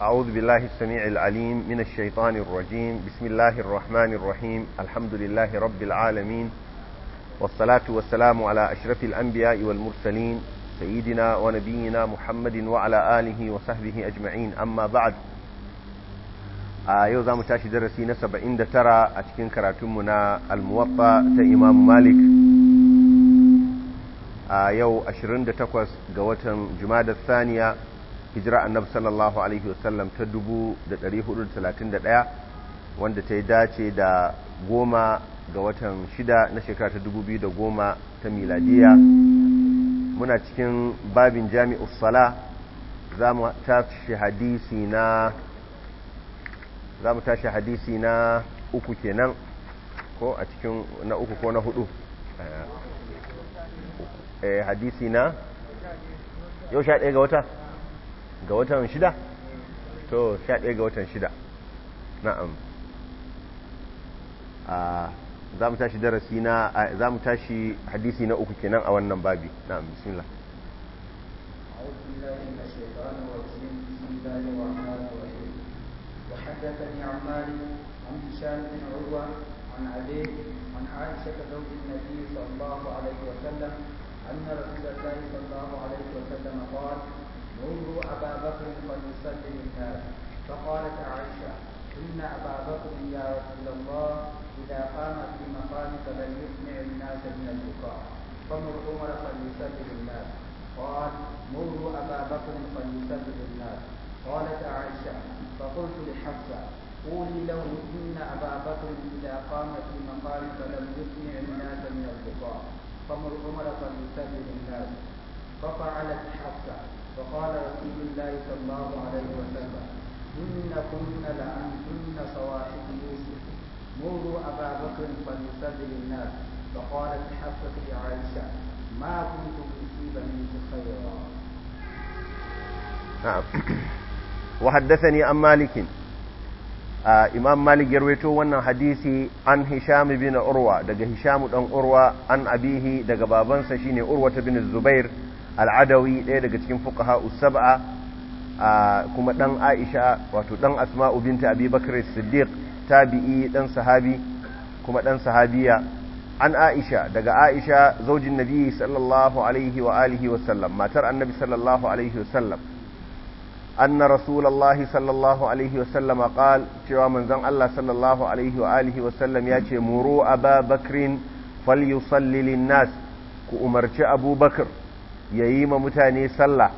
أعوذ بالله السميع العليم من الشيطان الرجيم بسم الله الرحمن الرحيم الحمد لله رب العالمين والصلاة والسلام على أشرف الأنبياء والمرسلين سيدنا ونبينا محمد وعلى آله وصحبه أجمعين أما بعد يوزا متاشي درسي نسب عند ترى أتكين كراتمنا الموطأ إمام مالك يو أشرند تقوس قوة جماد الثانية hijira annabi sallallahu alaihi wasallam ta 1431 wanda ta yi dace da goma ga watan shida na shekara ta 2010 ta miladiya muna cikin babin jami'us sala za mu tashi hadisi na za mu tashi hadisi na uku kenan ko a cikin na uku ko na hudu eh, hadisi na yau sha ɗaya ga wata ga watan shida to sha ɗaya ga watan shida na'am za mu tashi darasi na za mu tashi hadisi na uku kenan a wannan babi na'am bismillah عن مالك عن هشام بن عروه عن عن عائشه زوج النبي صلى الله عليه وسلم ان رسول الله صلى الله عليه وسلم قال منذ أبا بكر قد يصلي الناس فقالت عائشة إن أبا بكر يا رسول الله إذا قام في مقامك بل يسمع الناس من البكاء فمر عمر فليسلم الناس قال مروا أبا بكر فليسلم الناس قالت عائشة فقلت لحفصة قولي له إن أبا بكر إذا قام في مقامك فلم يسمع الناس من البكاء فمر عمر فليسلم الناس ففعلت حفصة فقال رسول الله صلى الله عليه وسلم إن كن لأنتن صواحب يوسف مروا أبا بكر فليصلي الناس فقالت حفصة لعائشة ما كنت أصيب منك خيرا نعم وحدثني عن مالك Uh, imam malik ya rawaito wannan hadisi an hisham bin urwa daga hisham dan urwa an abihi daga babansa shine urwa bin zubair al'adawi ɗaya daga cikin fuqaha usab'a kuma ɗan Aisha wato ɗan Asma'u binta Abi Bakr siddiq tabi'i ɗan sahabi kuma ɗan sahabiya an Aisha daga Aisha zaujin Nabi sallallahu alaihi wa alihi wa sallam matar Annabi sallallahu alaihi wa sallam أن رسول الله صلى الله عليه وسلم قال شوى من زن الله صلى الله عليه وآله وسلم ياتي مروا أبا بكر فليصلي للناس ya yi ma mutane sallah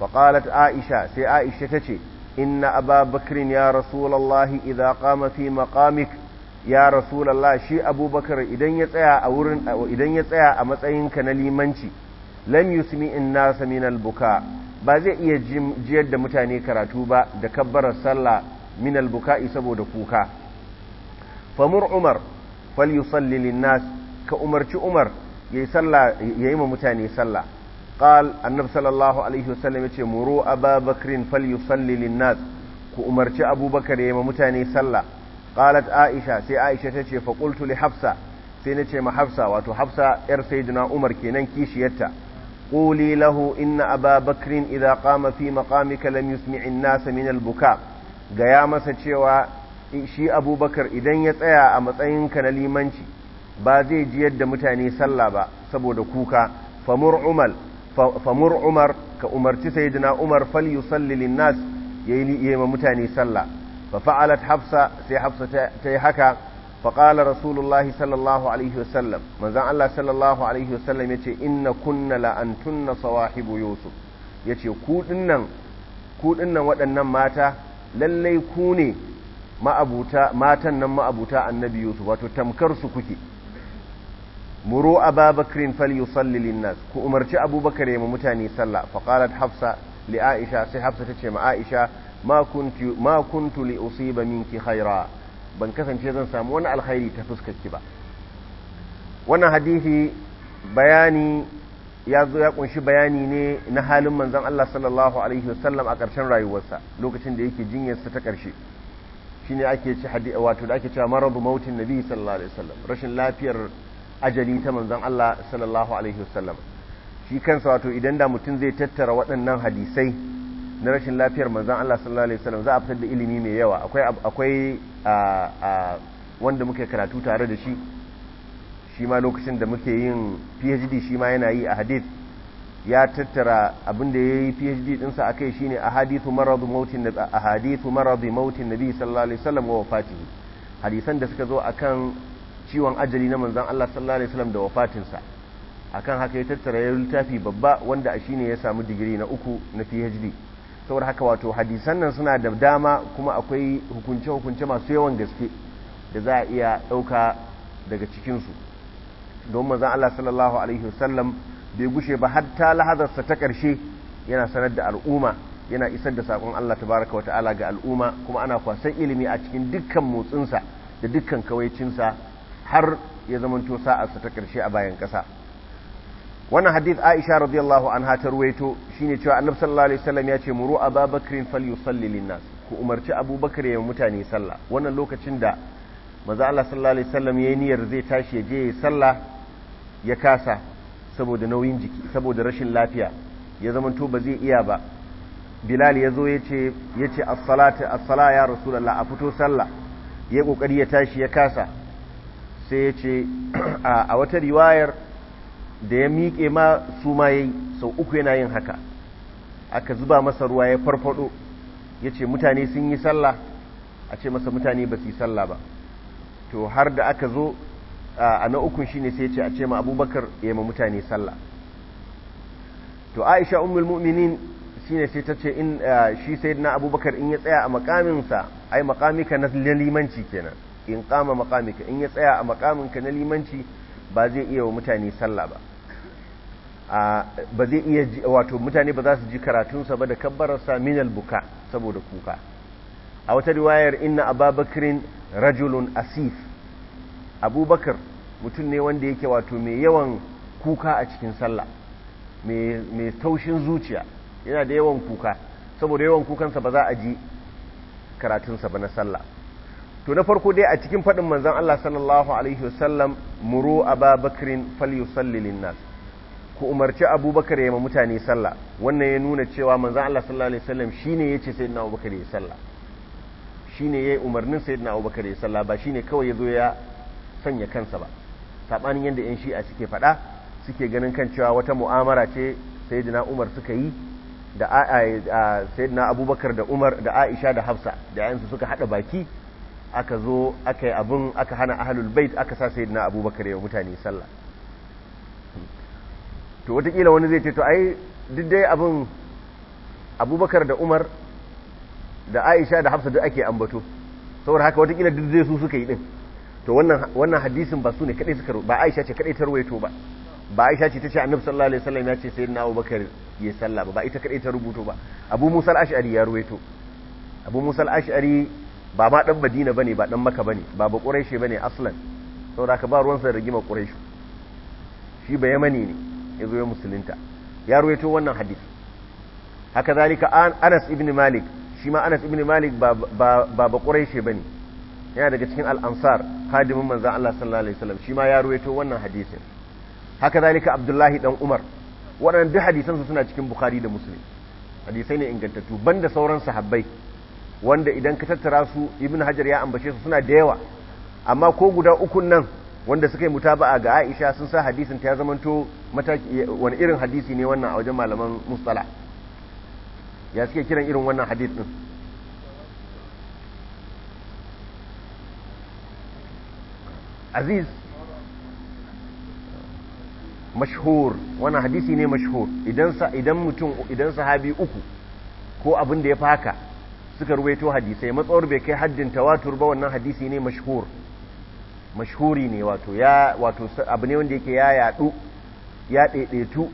faƙalat aisha sai aisha ta ce inna ababakirin ya rasulallahi idan kama fi makamik ya rasulallah shi abubakar idan ya tsaya a matsayinka na limanci lam yusmi in nasa min albuka ba zai iya jiyar da mutane karatu ba da kabbarar sallah min albuka'i saboda kuka famur umar fal yusalli linnas ka umarci umar ya yi ma mutane sallah قال النبي صلى الله عليه وسلم يتي مروا أبا بكر فليصلي للناس كأمرت أبو بكر يما متاني صلى قالت عائشة سي عائشة تتي فقلت لحفصة سي نتي ما حفصة واتو حفصة إر سيدنا عمر كينان كيش يتا قولي له إن أبا بكر إذا قام في مقامك لم يسمع الناس من البكاء قيامة ستشيوا شي أبو بكر إذن يتأيى أمتأين كان ليمانشي ba zai ji yadda mutane sallah ba saboda kuka famur umal famur umar ka umarci saidina umar fal yusalli lin nas yayi ma mutane sallah fa fa'alat hafsa sai hafsa ta yi haka fa qala rasulullahi sallallahu alaihi wasallam manzon Allah sallallahu alaihi wasallam yace inna kunna la antunna sawahibu yusuf yace ce kuɗin nan waɗannan mata lallai ku ne ma'abuta matan nan ma'abuta annabi yusuf wato tamkar su kuke muru ababakrin salli linnas ku umarci abubakar ya mutane sallah fa hafsa li aisha sai hafsa ce ma aisha ma kuntu ma li minki ban kasance zan samu wani alkhairi ta fuskarki ba wannan hadithi bayani ya zo ya kunshi bayani ne na halin manzan Allah sallallahu alaihi wasallam a ƙarshen rayuwarsa lokacin da yake jinyarsa ta ƙarshe shine ake ci hadisi wato da ake cewa maradu mautin nabi sallallahu alaihi wasallam rashin lafiyar ajali ta manzon Allah sallallahu alaihi wasallam shi kansa wato idan da mutum zai tattara waɗannan hadisai na rashin lafiyar manzon Allah sallallahu alaihi wasallam za a fitar da ilimi mai yawa akwai akwai wanda muke karatu tare da shi shi ma lokacin da muke yin PhD shi ma yana yi a hadith ya tattara abin da yayi PhD dinsa akai shine ahadithu maradu mautin ahadithu maradu mautin nabi sallallahu alaihi wasallam wa wafatihi hadisan da suka zo akan ciwon ajali na manzan Allah sallallahu alaihi wasallam da wafatinsa akan haka ya tattara ya littafi babba wanda a shine ya samu digiri na uku na PhD saboda haka wato hadisan nan suna da dama kuma akwai hukunce hukunce masu yawan gaske da za a iya ɗauka daga cikinsu don manzan Allah sallallahu alaihi wasallam bai gushe ba hatta lahazarsa ta ƙarshe yana sanar da al'umma yana isar da saƙon Allah tabaraka wata'ala ga al'umma kuma ana kwasan ilimi a cikin dukkan motsinsa da dukkan kawaicinsa har ya zamanto sa'arsa ta ƙarshe a bayan ƙasa wannan hadith aisha radiyallahu anha ta ruwaito shine cewa annabi sallallahu alaihi wasallam ya ce muru ababakrin falyusalli linnas ku umarci abubakar ya mutane sallah wannan lokacin da manzo Allah sallallahu alaihi wasallam yayin niyyar zai tashi je ya sallah ya kasa saboda nauyin jiki saboda rashin lafiya ya to ba zai iya ba bilal ya zo ya ce ya ce as-salatu as-sala ya rasulullah a fito sallah ya kokari ya tashi ya kasa sai ya ce a wata riwayar da ya miƙe ma su ma yi sau uku yana yin haka aka zuba masa ruwa ya farfado ya ce mutane sun yi sallah a ce masa mutane ba su yi sallah ba to har da aka zo a na ukun shi ne sai ya ce a ce ma abubakar ya yi ma mutane sallah to aisha umul mu'minin ne sai ta ce in shi na abubakar in ya tsaya a makaminsa ai makamika na limanci kenan in kama makamika in ya tsaya a makaminka na limanci ba zai iya wa mutane sallah ba ba zai iya wato mutane ba za su ji karatunsa ba da kabbararsa Saminal buka saboda kuka a wata riwayar inna ababakirin rajulun asif abubakar mutum ne wanda yake wato mai yawan kuka a cikin sallah mai taushin zuciya yana da yawan kuka saboda yawan kukansa ba za a ji karatunsa ba na sallah to na farko dai a cikin faɗin manzon Allah sallallahu alaihi wasallam muru ababakrin falyusalli nas ku umarci abubakar ya ma mutane sallah wannan ya nuna cewa manzon Allah sallallahu alaihi wasallam shine yace sayyidina abubakar ya sallah shine yayi umarnin sayyidina abubakar ya sallah ba shine kawai yazo ya sanya kansa ba sabanin yanda yan shi'a suke faɗa suke ganin kan cewa wata mu'amara ce sayyidina Umar suka yi da sayyidina Abubakar da Umar da Aisha da Hafsa da yansu suka hada baki aka zo aka yi abin aka hana ahalul bait aka sa sayyidina abubakar ya mutane sallah to watakila wani zai ce to ai duk dai abin abubakar da umar da aisha da hafsa duk ake ambato saboda haka watakila duk zai su suka yi din to wannan wannan hadisin ba su ne kadai suka ba aisha ce kadai ta rawaito ba ba aisha ce ta annabi sallallahu alaihi wasallam ya ce sayyidina abubakar ya sallah ba ba ita kadai ta rubuto ba abu musa al-ash'ari ya rawaito abu musa al-ash'ari ba ma dan madina bane ba dan maka bane ba ba quraishi bane aslan saboda ka ba ruwan sa rigima quraishi shi ba yamani ne yazo ya musulunta ya ruwaito wannan hadisi haka zalika Anas ibn Malik shi ma Anas ibn Malik ba ba ba quraishi bane yana daga cikin al-ansar hadimin manzon Allah sallallahu alaihi wasallam shi ma ya ruwaito wannan hadisin haka zalika Abdullahi dan Umar waɗannan duk hadisansu suna cikin Bukhari da Muslim hadisai ne ingantattu banda sauran sahabbai wanda idan ka tattara su ibn hajar ya ambace su suna da yawa amma ko guda ukun nan wanda suka yi mutaba'a ga Aisha sun sa hadisin ta zamanto mataki wani irin hadisi ne wannan a wajen malaman mustala ya suke kiran irin wannan hadis din aziz mashhur wannan hadisi ne mashhur idan idan mutum idan sahabi uku ko abin da ya fi haka suka ruwaito hadisai matsawar bai kai haddin tawatur ba wannan hadisi ne mashhur mashhuri ne wato ya wato abu ne wanda yake ya yadu ya daidaitu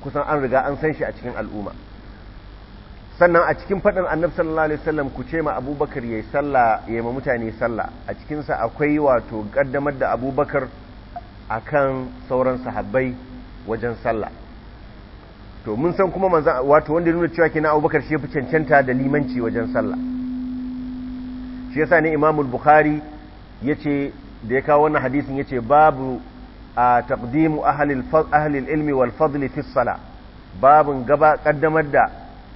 kusan an riga an san shi a cikin al'umma sannan a cikin faɗin annabi sallallahu alaihi wasallam ku ce ma abubakar yayi sallah yayi ma mutane sallah a cikin sa akwai wato kaddamar da abubakar akan sauran sahabbai wajen sallah to mun san kuma manzan wato wanda nuna cewa na abubakar shi fi cancanta da limanci wajen sallah shi yasa ne imamul bukhari ya ce da ya kawo wannan hadisin ya ce babu a taqdimu ahalil ilmi wal fadli fi sala babun gaba kaddamar da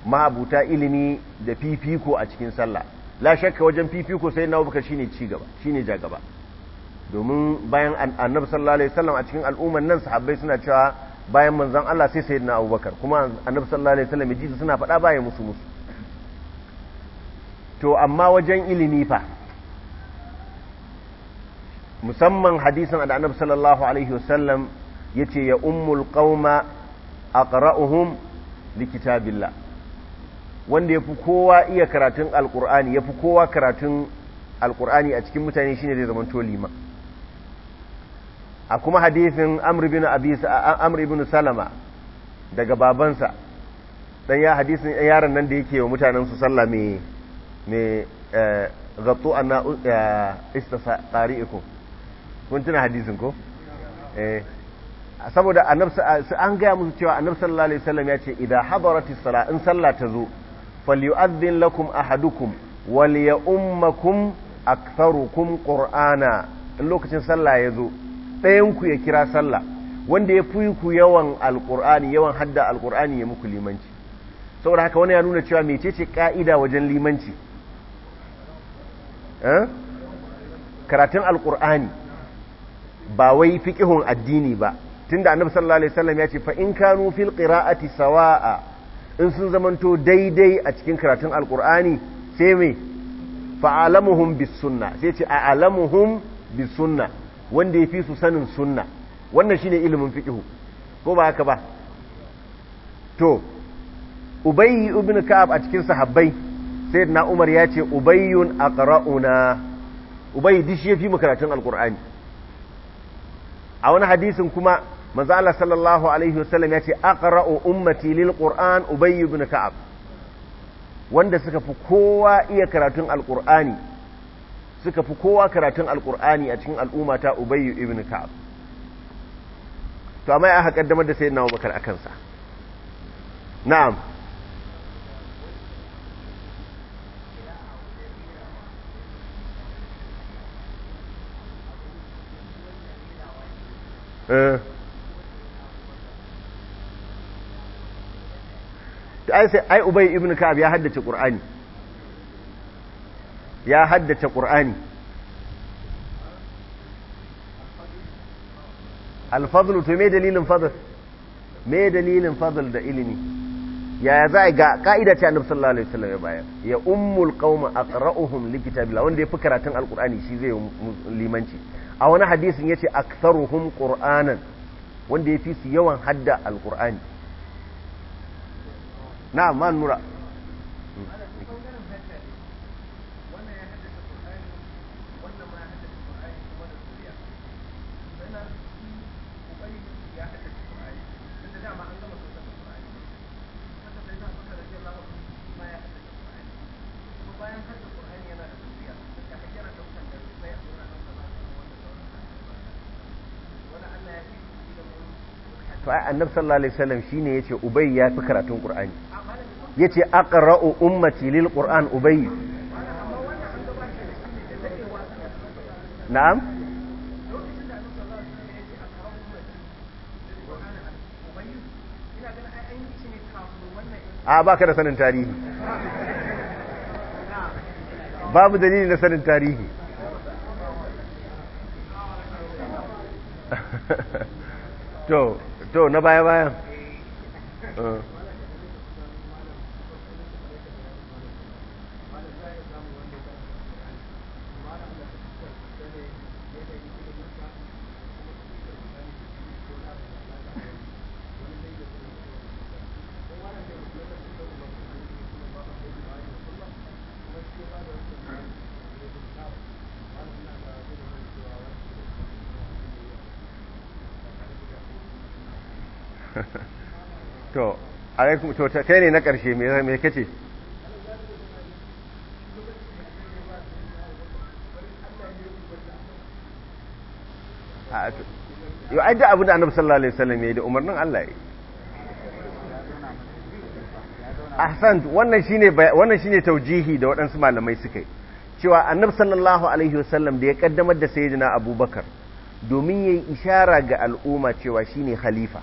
ma'abuta ilimi da fifiko a cikin sallah la shakka wajen fifiko sai na abubakar shine ci gaba shine ja gaba domin bayan annabi sallallahu alaihi wasallam a cikin al'umman nan sahabbai suna cewa bayan manzon Allah sai na Abubakar kuma annabi sallallahu alaihi wasallam jisu suna faɗa bayan musu musu to amma wajen ilimi fa musamman hadisin da annabi sallallahu alaihi wasallam yace ya ummul qauma likita biLla wanda yafi kowa iya karatun alqur'ani yafi kowa karatun alqur'ani a cikin mutane shine zai zama to liman a kuma hadisin amr ibn abi amr ibn salama daga babansa dan ya hadisin yaran nan da yake wa mutanen su sallah me me eh, gattu anna eh, istasa tariikum kun tuna hadisin ko eh saboda annabi an gaya musu cewa annabi sallallahu alaihi wasallam ya ce idza hadaratis sala in sallah ta zo falyu'adhdhin lakum ahadukum wal ya'ummakum aktharukum qur'ana in lokacin sallah ya zo ɗayanku ya kira sallah wanda ya fi ku yawan alkur'ani yawan hadda alkur'ani ya muku limanci saboda haka wani ya nuna cewa mecece ka'ida wajen limanci eh? karatun alƙur'ani ba wai fiƙihun addini ba tunda annabi sallallahu alaihi wasallam ya ce fa in kanu fil qira'ati sawa'a in sun zamanto daidai a cikin karatun alkur'ani sai me fa'alamuhum bis sai ce a'lamuhum bis wanda ya fi su sanin sunna wannan shine ilimin fiqhu ko ba haka ba to ubayi ibn ka'ab a cikin sahabbai sayyidina umar ya ce ubayyun aqra'una ubayy dishi yafi mu karatun alqur'ani a wani hadisin kuma manzo Allah sallallahu alaihi wasallam ya ce aqra'u ummati lilqur'an ubayy ibn ka'ab wanda suka fi kowa iya karatun alqur'ani suka fi kowa karatun alkur'ani a cikin al'umma ta ubayyu ibn ka'ab to amma ya haƙar damar da na wabakar a kansa na'am eh ai sai ai ubay ibn ka'ab ya haddace Ƙur'ani. ya haddace ƙur'ani alfazlu to me dalilin fadl me dalilin fadl da ilimi yaya za ga ka'ida ce annabi sallallahu alaihi wasallam ya bayar ya ummul qauma aqra'uhum likitabillah wanda yafi karatun alqur'ani shi zai limanci a wani hadisin yace aktharuhum qur'anan wanda yafi su yawan hadda alqur'ani na'am man nura to ai annabi sallallahu alaihi wasallam shine yace ubay ya fi karatun qur'ani yace aqra'u ummati lil qur'an ubay na'am a ba ka da sanin tarihi babu dalili na sanin tarihi to to na baya-bayan eh. ah. alaikum to kai ne na ƙarshe me kace yau ai abu da annabi sallallahu alaihi wasallam yayi da umarnin Allah yayi ahsan wannan shine wannan shine taujihi da waɗansu malamai suka yi cewa annabi sallallahu alaihi wasallam da ya kaddamar da sayyidina abubakar domin yayi ishara ga al'umma cewa shine khalifa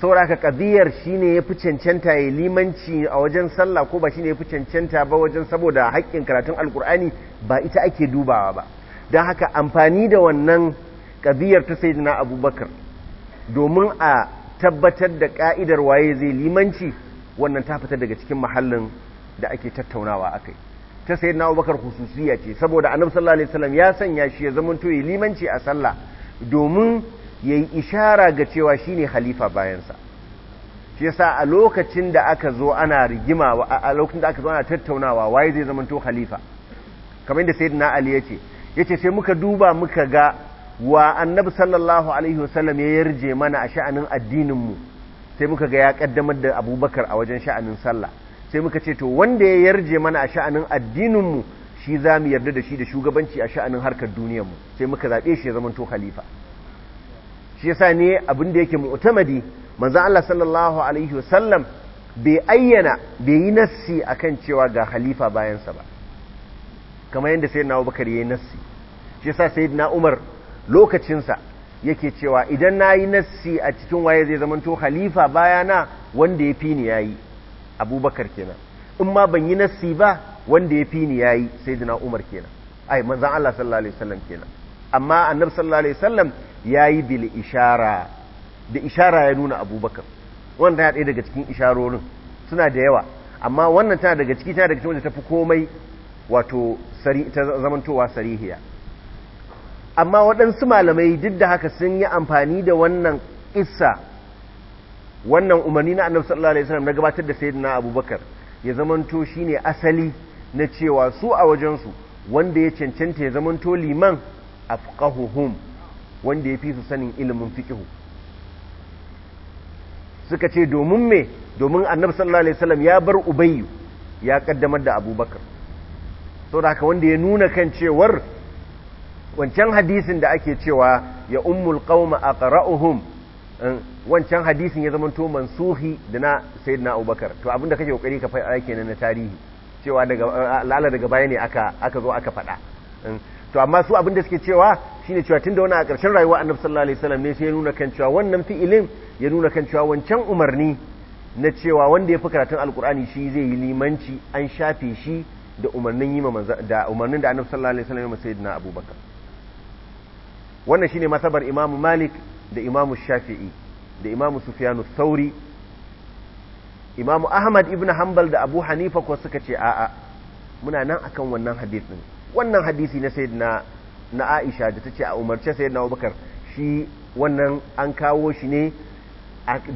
saboda ka kadiyar shine yafi cancanta ya limanci a wajen sallah ko ba shine yafi cancanta ba wajen saboda haƙƙin karatun alkur'ani ba ita ake dubawa ba don haka amfani da wannan kadiyar ta sayyidina abubakar domin a tabbatar da ka'idar waye zai limanci wannan ta fita daga cikin mahallin da ake tattaunawa akai ta sayyidina abubakar hususiya ce saboda annabi sallallahu alaihi wasallam ya sanya shi ya to ya limanci a sallah domin Yayi yi ishara ga cewa shi ne halifa bayansa shi yasa a lokacin da aka zo ana rigima a lokacin da aka zo ana tattaunawa waye zai zama to halifa kamar yadda sayyidina ali ya ce ya ce sai muka duba muka ga wa annabi sallallahu alaihi wasallam ya yarje mana a sha'anin addininmu sai muka ga ya kaddamar da abubakar a wajen sha'anin sallah sai muka ce to wanda ya yarje mana a sha'anin addininmu shi za mu yarda da shi da shugabanci a sha'anin harkar duniyarmu sai muka zaɓe shi ya zama to halifa shi yasa ne abin da yake mu'tamadi manzo Allah sallallahu alaihi wasallam bai ayyana bai yi nassi akan cewa ga khalifa bayansa ba kamar yadda sayyidina Abubakar yayi nassi shi yasa sayyidina Umar lokacinsa yake cewa idan nayi nassi a cikin waye zai to khalifa bayana wanda ya fi ni yayi Abubakar kenan in ma ban yi nassi ba wanda ya fi ni yayi sayyidina Umar kenan ai manzo Allah sallallahu alaihi wasallam kenan amma annabi sallallahu alaihi wasallam ya yi bil ishara da ishara ya nuna abubakar wannan ya daya daga cikin isharorin suna da yawa amma wannan tana daga ciki tana daga cikin wanda ta fi komai wato ta zamantowa sarihiya amma waɗansu malamai duk da haka sun yi amfani da wannan isa wannan umarni na annabi sallallahu alaihi wasallam na gabatar da sayyidina abubakar ya zamanto shine asali na cewa su a wajensu wanda ya cancanta ya zamanto liman afqahuhum wanda ya fi su sanin ilimin fikihu suka ce domin me domin annabi sallallahu alaihi wasallam ya bar ubayyu ya kaddamar da abubakar da haka wanda ya nuna kan cewar wancan hadisin da ake cewa ya ummul qauma aqra'uhum eh, wancan hadisin ya zama zamanto mansuhi da na sayyidina abubakar to abinda kake kokari ka a kenan na tarihi cewa daga eh, lala daga baya ne aka aka zo aka faɗa eh. to amma su abin da suke cewa shine cewa tunda wani a ƙarshen rayuwa annabi sallallahu alaihi wasallam ne sai ya nuna kan cewa wannan fi'ilin ya nuna kan cewa wancan umarni na cewa wanda ya fi karatun alkur'ani shi zai yi limanci an shafe shi da umarnin yi da umarnin da annabi sallallahu alaihi wasallam ya sayyidina abubakar wannan shine masabar imam malik da imam shafi'i da imam sufyan thauri imam ahmad ibn hanbal da abu hanifa ko suka ce a'a muna nan akan wannan hadisin wannan hadisi na sayyidina na Aisha da ta ce a umarce sayyidina Abubakar shi wannan an kawo shi ne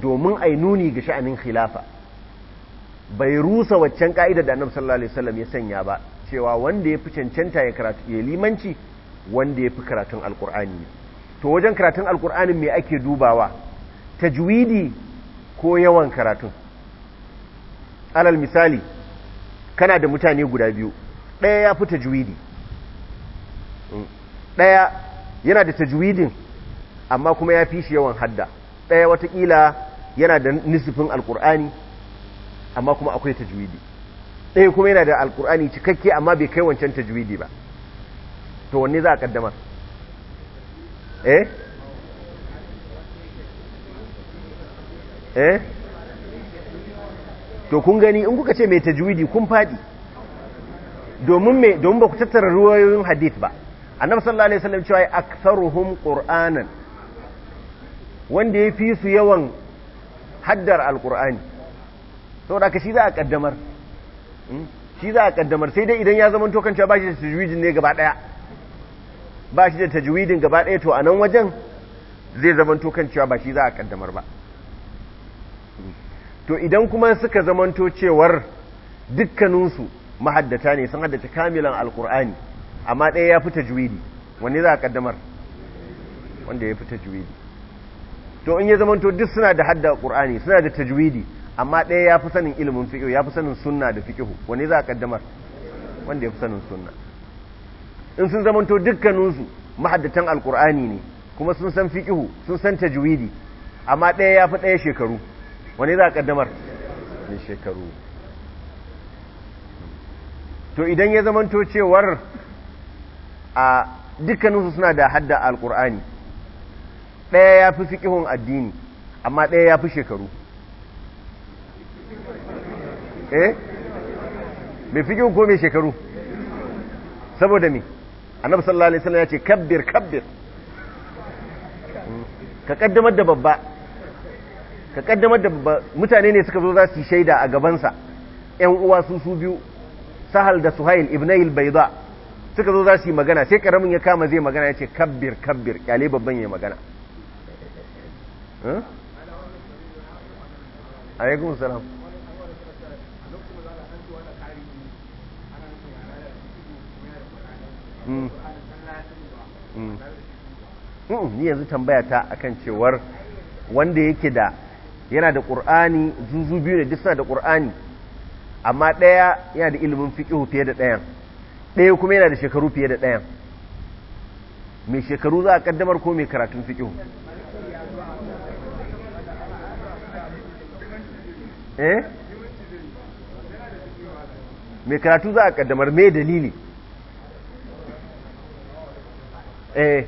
domin ai nuni ga sha'anin khilafa bai rusa waccan ka'idar da Annabi sallallahu alaihi wasallam ya sanya ba cewa wanda ya fi cancanta ya karatu ya limanci wanda ya fi karatun alkur'ani to wajen karatun alkur'ani me ake dubawa tajwidi ko yawan karatun alal misali kana da mutane guda biyu ɗaya ya fi tajwidi ɗaya yana da tajwidin amma kuma ya fi shi yawan hadda ɗaya watakila yana da nisifin alkur'ani amma kuma akwai tajwidi ɗaya kuma yana da alkur'ani cikakke amma bai kai wancan tajwidi ba to wanne za a kaddama eh eh to kun gani in kuka ce mai tajwidi kun faɗi domin me domin ba ku tattara ruwayoyin hadith ba annabi sallallahu alaihi wasallam cewa aktharuhum qur'anan wanda ya fi su yawan haddar alqur'ani saboda ka shi za a kaddamar hmm? shi za a kaddamar sai dai idan ya zama to kanta ba shi da tajwidin ne gaba daya ba shi da tajwidin gaba daya to a nan wajen zai zama to kanta ba shi za a kaddamar ba hmm. to idan kuma suka to cewar dukkaninsu mahaddata ne sun haddace kamilan alkur'ani amma ɗaya ya fi tajwidi wani za a kaddamar wanda ya fi tajwidi to in ya to duk suna da hadda ƙur'ani suna da tajwidi amma ɗaya ya fi sanin ilimin fiƙi ya fi sanin sunna da fiqh wani za a kaddamar wanda ya fi sanin sunna in sun to dukkaninsu mahaddatan alkur'ani ne kuma sun san fiqh sun san tajwidi amma ɗaya ya fi ɗaya shekaru wani za a kaddamar ne shekaru to idan ya to cewar a dukkaninsu suna da hadda alkur'ani ɗaya ya fi fiƙihun addini amma ɗaya ya fi shekaru eh mai fiƙihun ko mai shekaru saboda me annabi sallallahu alaihi wasallam ya ce kabbir kabbir ka kaddamar da babba ka kaddamar da babba mutane ne suka zo za su yi shaida a gabansa ‘yan uwa su su biyu sahal da suhail ibnayil bayda suka zo za su yi magana sai karamin ya kama zai magana ya ce kabbir kabbir kyale babban ya magana alaikun salam hmm. Hmm. Hmm, ni yanzu tambaya ta akan cewar wanda yake da yana da ƙur'ani zuzu biyu da duk suna da ƙur'ani amma ɗaya yana da ilimin fiƙihu fiye da ɗayan ɗaya kuma yana da shekaru fiye da ɗayan mai shekaru za a ƙaddamar ko mai karatun fiƙihu eh mai karatu za a ƙaddamar mai dalili eh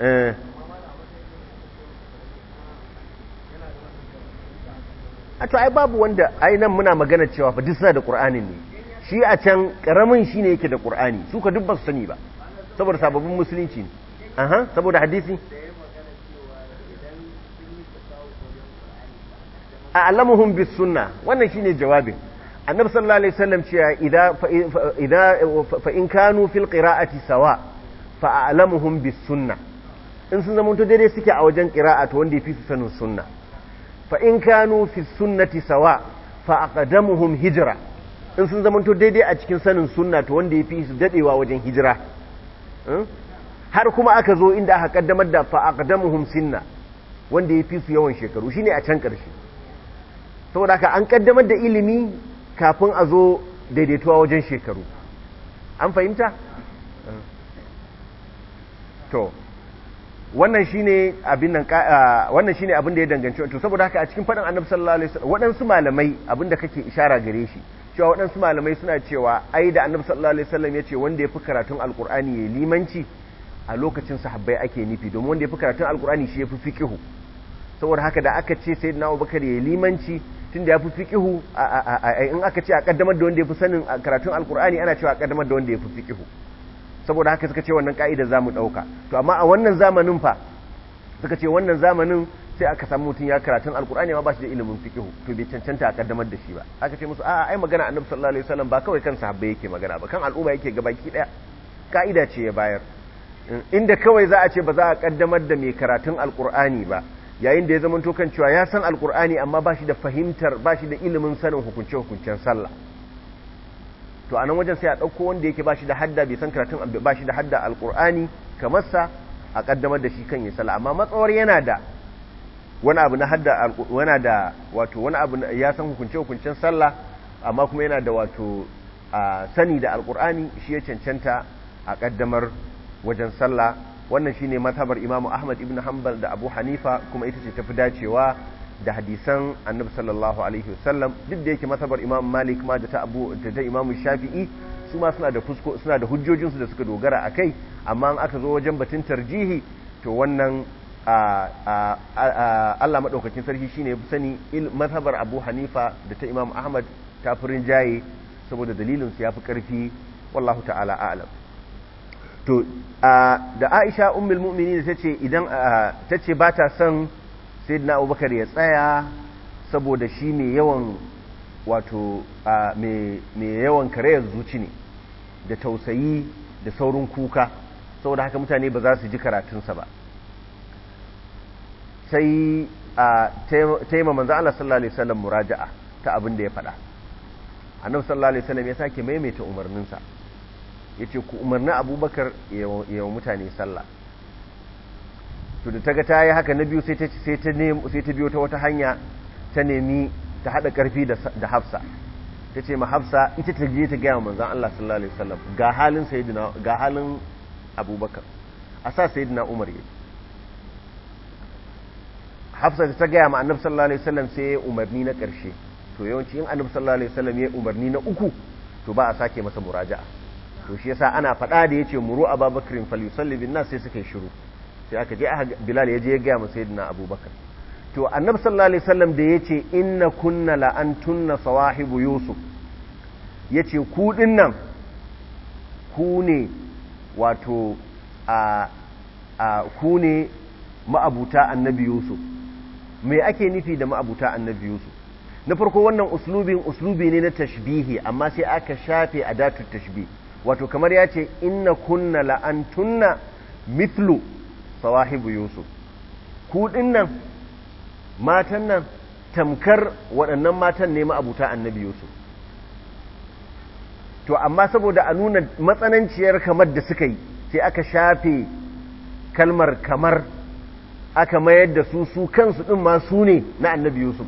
eh a to ai babu wanda ai nan muna magana cewa fa duk suna da qur'ani ne shi a can karamin shine yake da qur'ani su ka dubba su sani ba saboda sababbin musulunci ne aha saboda hadisi a alamuhum bis sunna wannan shine jawabin annabi sallallahu alaihi wasallam cewa idan idan fa in kanu fil qira'ati sawa fa a'lamuhum bis sunna in sun zama to daidai suke a wajen qira'a to wanda yafi su sanin sunna fa in kanu fi sunnati sawa fa hijira hijra in sun zamanto daidai a cikin sanin sunna to wanda yafi su dadewa wajen hijira hmm? har kuma aka zo inda aka kaddamar da fa sinna wanda yafi su yawan shekaru shine a can karshe saboda haka an ƙaddamar da ilimi kafin a zo daidaituwa wajen shekaru an fahimta hmm. to wannan shi ne abin da ya danganci wato saboda haka a cikin faɗin annabi sallallahu alaihi wasallam waɗansu malamai abin da kake ishara gare shi cewa waɗansu malamai suna cewa ai da annabi sallallahu alaihi wasallam ya ce wanda ya fi karatun alkur'ani ya limanci a lokacin sahabbai ake nufi domin wanda ya fi karatun alkur'ani shi ya fi fiqihu saboda haka da aka ce na abubakar ya limanci tun da ya fi fiqihu in aka ce a kaddamar da wanda ya fi sanin karatun alkur'ani ana cewa a kaddamar da wanda ya fi fiqihu saboda haka suka ce wannan ka'ida za mu ɗauka to amma a wannan zamanin fa suka ce wannan zamanin sai aka samu mutum ya karatun alkur'ani ma ba shi da ilimin fiqhu to bai cancanta a kaddamar da shi ba aka ce musu a'a ai magana annabi sallallahu alaihi wasallam ba kawai kan sahabbai yake magana ba kan al'umma yake gabaki daya ka'ida ce ya bayar inda kawai za a ce ba za a kaddamar da mai karatun alkur'ani ba yayin da ya zama to kan cewa ya san alkur'ani amma ba shi da fahimtar ba shi da ilimin sanin hukunce hukuncen sallah to a nan wajen sai a ɗauko wanda yake bashi da hadda bai san karatun bashi da hadda alƙur'ani kamar sa a ƙaddamar da shi kan yi sala amma matsawar yana da wani abu na hadda wani da wato wani abu ya san hukunce hukuncen sallah amma kuma yana da wato sani da alƙur'ani shi ya cancanta a ƙaddamar wajen sallah wannan shine mazhabar imamu ahmad ibn hanbal da abu hanifa kuma ita ce tafi dacewa da hadisan annabi sallallahu alaihi wasallam duk da yake masabar imam malik ma da ta abu da ta imam shafi'i su ma suna da fusko suna da hujjojinsu da suka dogara a kai amma in aka zo wajen batun tarjihi to wannan Allah madaukakin sarki shine ya sani mazhabar abu hanifa da ta imam ahmad ta furin jaye saboda dalilinsu ya fi karfi wallahu ta'ala alam to da aisha ummul mu'minin tace idan ta ba ta son sai na abubakar ya tsaya saboda shi mai yawan wato mai yawan karayar zuci ne da tausayi da saurin kuka saboda haka mutane ba za su ji karatunsa ba sai a taima manzo Allah sallallahu alaihi wasallam muraja'a ta abin da ya faɗa annabi sallallahu alaihi wasallam ya sake maimaita umarninsa yace ku umarni abubakar yawa mutane sallah to da ta ga ta yi haka na biyu sai ta biyo ta wata hanya ta nemi ta haɗa ƙarfi da hafsa ta ce ma hafsa ita ta je ta gaya manzan Allah sallallahu alaihi wasallam ga halin sayyidina ga halin abubakar a sa sayyidina umar yake hafsa ta gaya ma annabi sallallahu alaihi wasallam sai ya umarni na ƙarshe to yawanci in annabi sallallahu alaihi wasallam ya umarni na uku to ba a sake masa muraja'a to shi yasa ana faɗa da yace muru ababakrin falyusalli bin nas sai suka yi shiru sai aka je bilal ya je ya gaya masa yadda abubakar to annabi sallallahu alaihi sallam da ya ce inna kunna la'antunna sawahibu yusuf ya ce ku nan ku ne wato a ku ne ma'abuta annabi yusuf me ake nufi da ma'abuta annabi yusuf na farko wannan uslubin uslubi ne na tashbihi amma sai aka shafe a datun tashbi wato kamar ya ce inna kunna la'antunna mitlu. sawahibu yusuf ku nan matan nan tamkar waɗannan matan ne ma'abuta annabi yusuf to amma saboda a nuna matsananciyar kamar da suka yi sai aka shafe kalmar kamar aka mayar da su su kansu ɗin ma su ne na annabi yusuf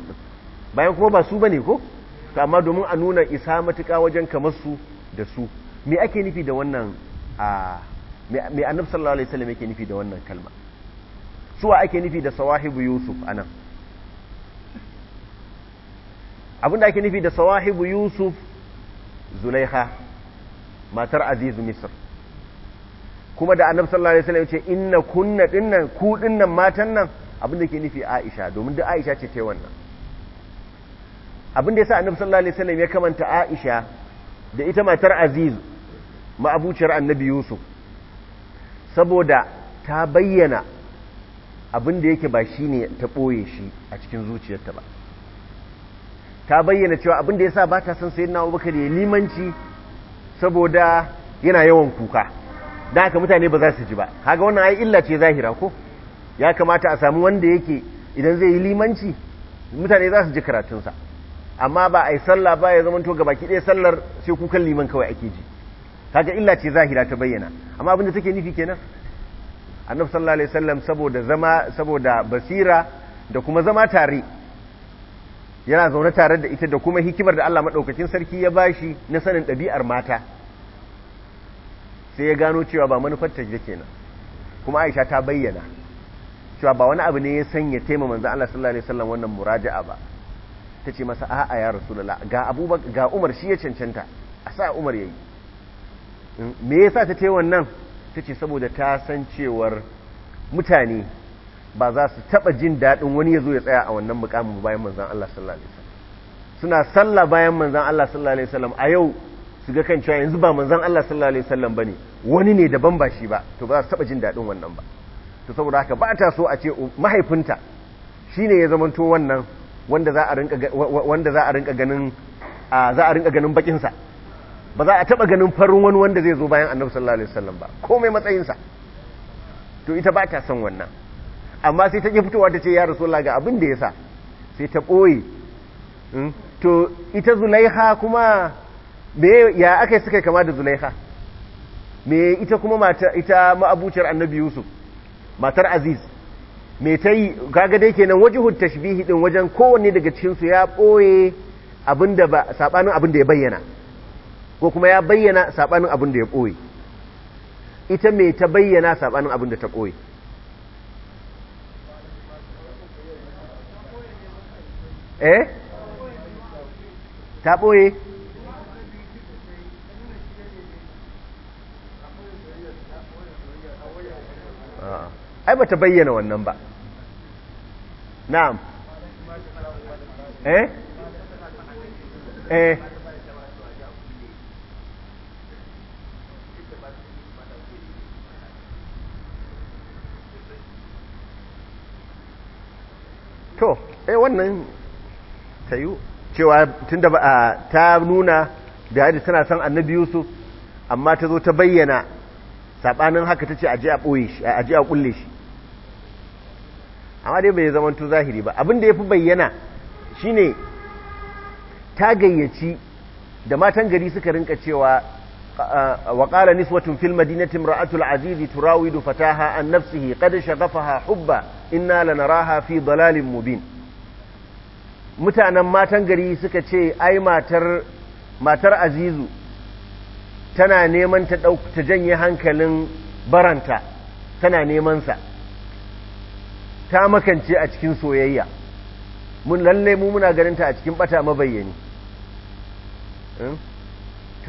bayan kuma ba su ba ne ko to amma domin a nuna isa matuƙa wajen kamar su da su me ake nufi da wannan a mai annab sallallahu alaihi wasallam yake nufi da wannan kalma suwa ake nufi da sawahibu yusuf anan abinda ake nufi da sawahibu yusuf zulaiha matar azizu misr kuma da annab sallallahu alaihi wasallam ce inna kunna dinnan ku dinnan matan nan abinda ke nufi aisha domin da aisha ce ta wannan abinda yasa annab sallallahu alaihi wasallam ya kamanta aisha da ita matar aziz ma'abuciyar annabi yusuf saboda ta bayyana abin da yake ba shi ne ta ɓoye shi a cikin zuciyarta ba ta bayyana cewa abin da ya sa ba ta son sayi na abubakar ya limanci saboda yana yawan kuka da haka mutane ba za su ji ba haga wannan ai illa ce zahira ko ya kamata a samu wanda yake idan zai yi limanci mutane za su ji karatunsa amma ba a yi sallah ba ya zama to gabaki ɗaya sallar sai kukan liman kawai ake ji kaga illa ce zahira ta bayyana amma abinda take nufi kenan annabi sallallahu alaihi wasallam saboda zama saboda basira da kuma zama tare yana zaune tare da ita da kuma hikimar da Allah madaukakin sarki ya bashi na sanin ɗabi'ar mata sai ya gano cewa ba manufar ta kenan kuma Aisha ta bayyana cewa ba wani abu ne ya sanya tema manzo Allah sallallahu alaihi wasallam wannan muraja'a ba tace masa a'a ya rasulullah ga abubakar ga Umar shi ya cancanta a sa Umar yayi me sa ta ce wannan ta ce saboda ta san cewar mutane ba za su taba jin daɗin wani ya zo ya tsaya a wannan mukamin bayan manzan Allah sallallahu alaihi wasallam suna sallah bayan manzan Allah sallallahu alaihi wasallam a yau su ga kan cewa yanzu ba manzan Allah sallallahu alaihi wasallam ne wani ne daban ba shi ba to ba za su taba jin daɗin wannan ba to saboda haka ba ta so a ce mahaifinta shi ne ya zamanto wannan wanda za a rinka ganin za a rinka ganin ba za a taba ganin farin wani wanda zai zo bayan annabi sallallahu alaihi wasallam ba komai matsayinsa to ita ba ta son wannan amma sai ta ki fitowa ta ce ya rasulullah ga abin da yasa sai ta koyi hmm? to ita zulaiha kuma me ya aka suka kama da zulaiha me ita kuma mata ita ma'abuciyar annabi yusuf matar aziz me ta yi kaga dai kenan wajihun tashbihi din wajen kowanne daga cikin su ya boye abinda ba sabanin abinda ya bayyana ko kuma ya bayyana sabanin abin da ya ɓoye ita mai ta bayyana sabanin abin da ta ɓoye eh ta ɓoye ai ba ta bayyana wannan ba na'am eh eh to eh wannan tayu cewa tunda ba ta nuna da hadisi tana san annabi yusuf amma ta zo ta bayyana sabanin haka tace aje a boye shi aje a kulle shi amma dai bai zama to zahiri ba abin da yafi bayyana shine ta gayyaci da matan gari suka rinka cewa وقال نسوة في المدينة امرأة العزيز تراود فتاها عن نفسه قد شغفها mutanen matan gari suka ce ai matar matar azizu tana neman ta ta janye hankalin baranta tana neman sa ta makance a cikin soyayya mun lalle mu muna ganin ta a cikin bata mabayyani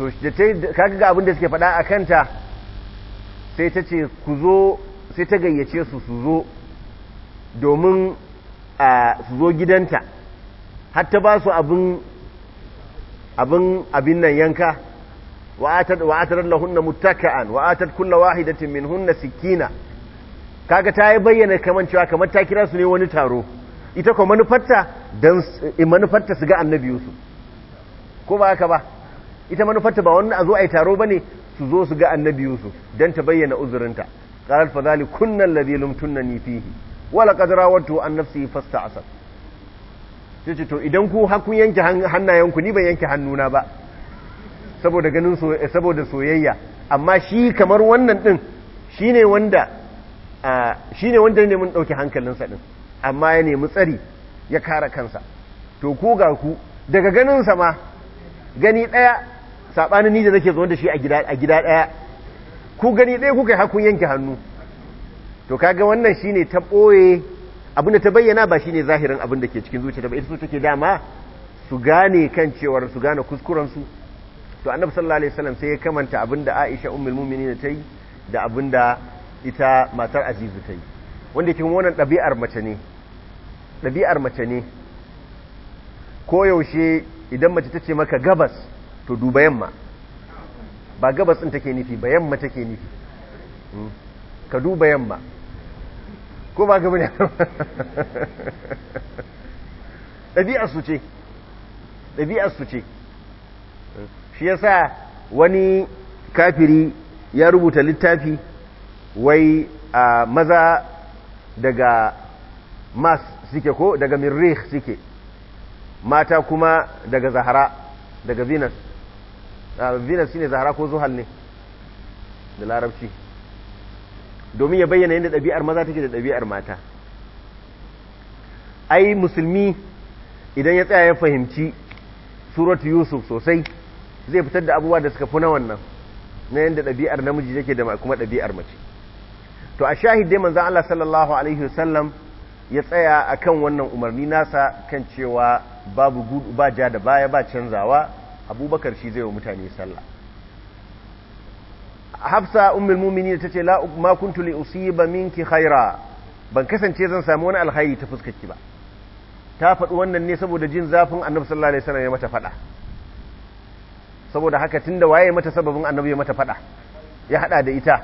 to kaga ga abin da suke faɗa a kanta sai ta ce ku zo sai ta gayyace su su zo domin su zo gidanta hatta ba su abin abin nan yanka wa'atar tarar lahunna a wa'atar kulla wahidatin hunna sikina kaga ta yi bayyana kamar cewa kamar ta kira su ne wani taro ita kuma eh, manufarta su ga annabi Yusuf ko ba haka ba ita manufarta ba wannan a zo a yi taro ba ne su zo su ga annabi yusuf don ta bayyana uzurinta ƙarar fazali kunnan lazi lumtunna ni fihi wala kadara wato an nafsi fasta asar sai ce to idan ku har kun yanke hannayenku ni ban yanke hannuna ba saboda ganin saboda soyayya amma shi kamar wannan din shine wanda shine wanda ne mun dauke hankalinsa din amma ya nemi tsari ya kara kansa to ku ga ku daga ganin sa ma gani daya sabanin ni da nake zo da shi a gida a daya ku gani ɗaya kuka hakun yanke hannu to kaga wannan shine ta boye abinda ta bayyana ba shine zahirin abin da ke cikin zuciya ba ita so take dama su gane kan cewar su gane kuskuren su to annabi sallallahu alaihi wasallam sai ya kamanta abin da Aisha ummul mu'minin ta yi da abin ita matar Azizu ta yi wanda yake wannan ɗabi'ar mace ne ɗabi'ar mace ne koyaushe idan mace ta ce maka gabas to duba yamma ba gabas ɗin take nufi ba yamma take nufi hmm. ka duba yamma ko ba gaba ne ɗabi'arsu ce ɗabi'arsu ce shi yasa wani kafiri ya rubuta littafi wai a maza daga mas suke ko daga mirrih suke mata kuma daga zahara daga venus venus ne zahara ko zuhal ne da larabci domin ya bayyana yadda ɗabi'ar maza take da ɗabi'ar mata ai musulmi idan ya tsaya ya fahimci suratu yusuf sosai zai fitar da abubuwa da suka fi na wannan na yadda ɗabi'ar namiji yake da kuma ɗabi'ar mace to a shahidai manzan Allah sallallahu alaihi wasallam ya tsaya akan wannan umarni nasa kan cewa babu gudu ba ja da baya ba canzawa abubakar shi zai wa mutane sallah hafsa ummul mu'minin ta ce la ma kuntu li usiba minki khaira ban kasance zan samu wani alkhairi ta fuskarki ba ta faɗi wannan ne saboda jin zafin annabi sallallahu alaihi wasallam ya mata faɗa saboda haka tunda waye mata sababin annabi ya mata faɗa ya hada da ita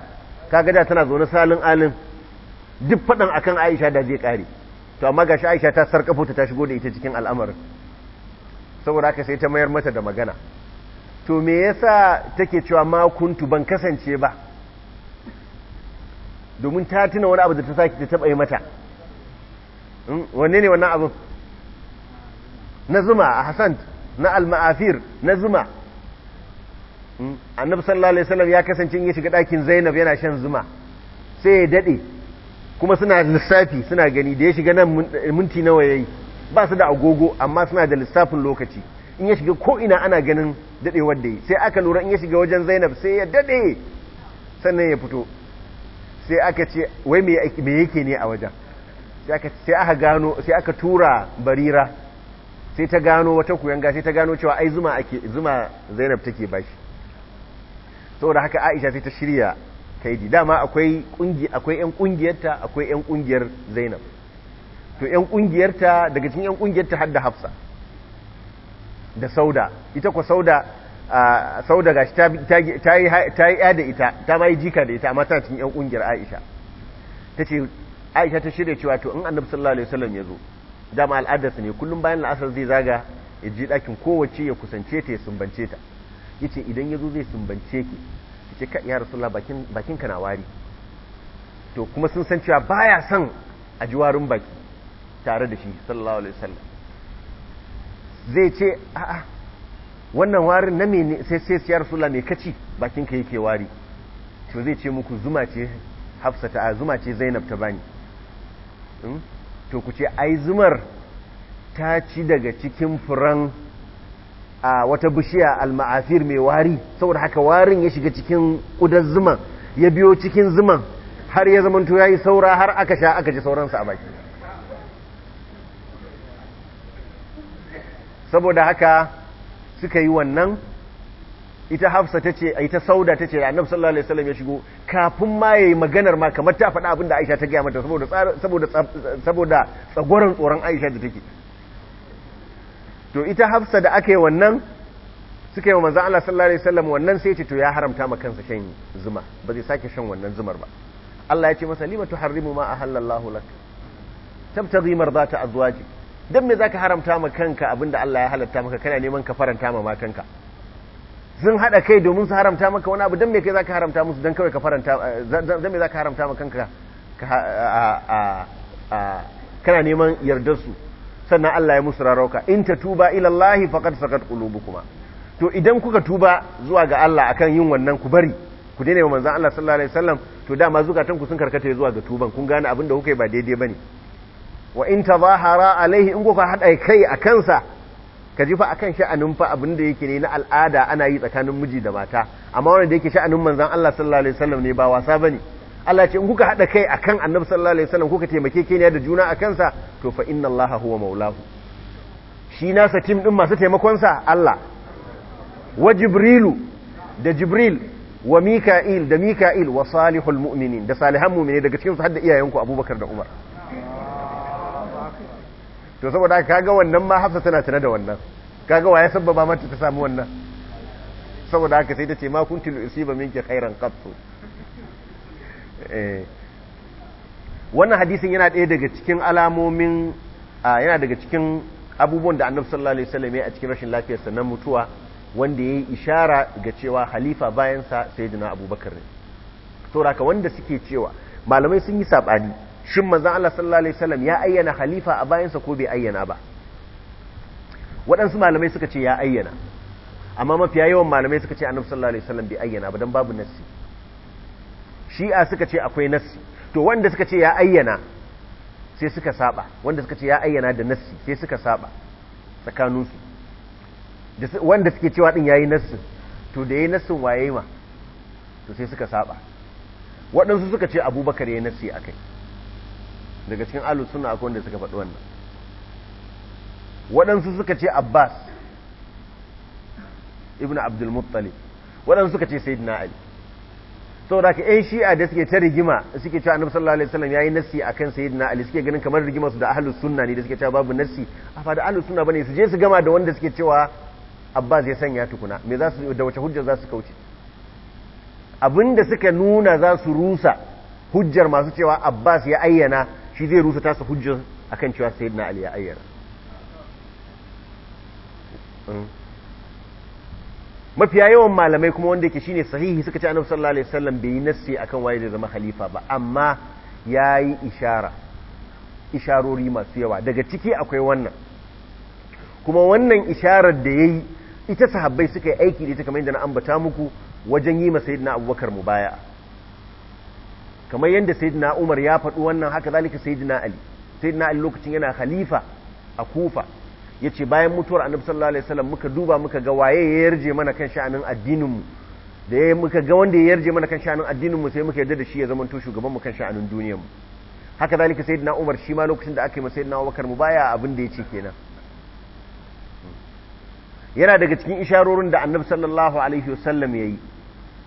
kaga da tana zaune salin alin duk faɗan akan Aisha da zai kare to amma gashi Aisha ta sarkafo ta shigo da ita cikin al'amarin saboda haka sai ta mayar mata da magana to me yasa take cewa ma kuntu ban kasance ba domin ta tuna wani abu da ta saki ta taba yi mata hmm? wanne ne wannan abu na zuma a hassan na alma'afir na zuma hmm? annabi sallallahu alaihi wasallam ya kasance ya shiga ɗakin zainab yana shan zuma sai ya daɗe kuma suna lissafi suna gani da ya shiga nan minti nawa yayi ba su da agogo amma suna da lissafin lokaci in ya shiga ko'ina ana ganin dadewar da yi sai aka lura in ya shiga wajen zainab sai ya dade sannan ya fito sai aka ce wai me yake ne a wajen sai aka tura barira sai ta gano wata kuyanga sai ta gano cewa ai zuma ake zuma zainab take bashi saboda haka aisha sai ta shirya kaidi dama akwai akwai yan kungiyarta akwai yan kungiyar zainab to yan kungiyarta daga cikin yan kungiyarta hadda hafsa da sauda ita kwa sauda sauda shi ta yi ya da ita ta ma yi jika da ita amma tana cikin yan kungiyar aisha ta ce aisha ta shirya cewa to in annab sallallahu alaihi wasallam ya zo dama al'adarsa ne kullum bayan la'asar zai zaga ya ji ɗakin kowace ya kusance ta ya sumbance ta ya ce idan ya zo zai sumbance ki ya ce ka rasulullah bakin ka na wari to kuma sun san cewa baya son a ji baki tare da shi sallallahu alaihi wasallam zai ce a'a wannan warin na me ne sai sai ya rasulullah me kaci bakin ka yake wari to zai ce muku zuma ce hafsa ta zuma ce zainab ta bani hmm? to ku ce ai zumar ta ci daga cikin furan a wata bishiya alma'afir mai wari saboda haka warin ya shiga cikin kudan zuman ya biyo cikin zuman har ya zamanto ya yi saura har aka sha aka ji sauransa a baki saboda haka suka yi wannan ita hafsa ta ce ita sauda ta ce annabi sallallahu alaihi wasallam ya shigo kafin ma yayi maganar ma kamar ta faɗa abin da Aisha ta gaya mata saboda saboda saboda tsagoran tsoron Aisha da take to ita hafsa da aka yi wannan suka yi wa manzo Allah sallallahu alaihi wasallam wannan sai ce to ya haramta ma kansa shan zuma ba zai sake shan wannan zumar ba Allah ya ce masa lima tuharrimu ma ahallallahu lak tabtaghi mardata azwajik don me ka haramta ma kanka abinda Allah ya halatta maka kana neman ka faranta ma kanka, sun hada kai domin su haramta maka wani abu don me kai ka haramta musu don kawai ka faranta eh, don me ka haramta ma kanka kana neman yardar su sannan Allah ya musu rarauka in tuba tuba Allah faqad kulubu kuma, to idan kuka tuba zuwa ga Allah akan yin wannan ku bari ku daina wa manzon Allah sallallahu alaihi wasallam to dama zukatan ku sun karkata zuwa ga tuban kun gane abin da kuka ba daidai bane wa in tazahara alaihi in kuka haɗa kai a kansa ka ji akan sha'anin fa abin da yake ne na al'ada ana yi tsakanin miji da mata amma wanda yake sha'anin manzon Allah sallallahu alaihi wasallam ne ba wasa bane Allah ce in kuka haɗa kai akan annabi sallallahu alaihi wasallam kuka taimake keniya da juna a kansa to fa inna Allah huwa maulahu shi nasa tim din masu taimakon sa Allah wa jibrilu da jibril wa mika'il da mika'il wa salihul mu'minin da salihan mu'mini daga cikin su hadda iyayenku abubakar da umar to saboda kaga wannan ma hafsa tana tana da wannan kaga waye sabbaba mata ta samu wannan saboda haka sai ta ce ma kunti usiba minki khairan qattu eh wannan hadisin yana ɗaya daga cikin alamomin yana daga cikin abubuwan da annabi sallallahu alaihi wasallam ya a cikin rashin sa na mutuwa wanda yayi ishara ga cewa Khalifa bayan sa sayyidina abubakar ne saboda haka wanda suke cewa malamai sun yi sabani shin manzan Allah sallallahu alaihi wasallam ya ayyana khalifa a bayansa ko bai ayyana ba waɗansu malamai suka ce ya ayyana amma mafiya yawan malamai suka ce annabi sallallahu alaihi wasallam bai ayyana ba dan babu nassi shi'a suka ce akwai nassi to wanda suka ce ya ayyana sai suka saba wanda suka ce ya ayyana da nassi sai suka saba tsakaninsu wanda suke cewa din yayi nassin to da yayi nassin waye ma to sai suka saba waɗansu suka ce abubakar ya yi nassi kai. daga cikin ahlus suna akwai wanda suka faɗi wannan waɗansu suka ce abbas ibn abdul waɗansu suka ce sayyidina ali saboda ka ɗan shi'a da suke ta rigima suke cewa annabi sallallahu alaihi wasallam yayi nassi akan sayyidina ali suke ganin kamar rigima su da ahlus sunna ne da suke cewa babu nassi a fa da ahlus sunna bane su je su gama da wanda suke cewa abbas ya sanya tukuna me za su da wace hujja za su kauce abinda suka nuna za su rusa hujjar masu cewa abbas ya ayyana shi zai rusa tasa hujjar akan cewa sayyidina na ya ayyana hmm. mafiya yawan malamai kuma wanda yake shine sahihi suka ce annabi sallallahu alaihi wasallam bai yi nassi akan waye da zama khalifa ba amma yayi ishara isharori masu yawa daga ciki akwai wannan kuma wannan isharar da yayi ita sahabbai suka yi aiki da ita kamar yadda na ambata muku wajen yi masa na abubakar mu mubaya'a kamar yadda sayidina Umar ya faɗi wannan haka zalika sayidina Ali sayidina Ali lokacin yana khalifa a Kufa ce bayan mutuwar Annabi sallallahu alaihi wasallam muka duba muka ga waye ya yarje mana kan sha'anin addinin mu da ya muka ga wanda ya yarje mana kan sha'anin addinin mu sai muka yarda da shi ya zama to shugaban mu kan sha'anin duniyar mu haka zalika sayidina Umar shi ma lokacin da aka yi masa sayyidina Abubakar mu baya abin da yace kenan yana daga cikin isharorin da Annabi sallallahu alaihi wasallam yayi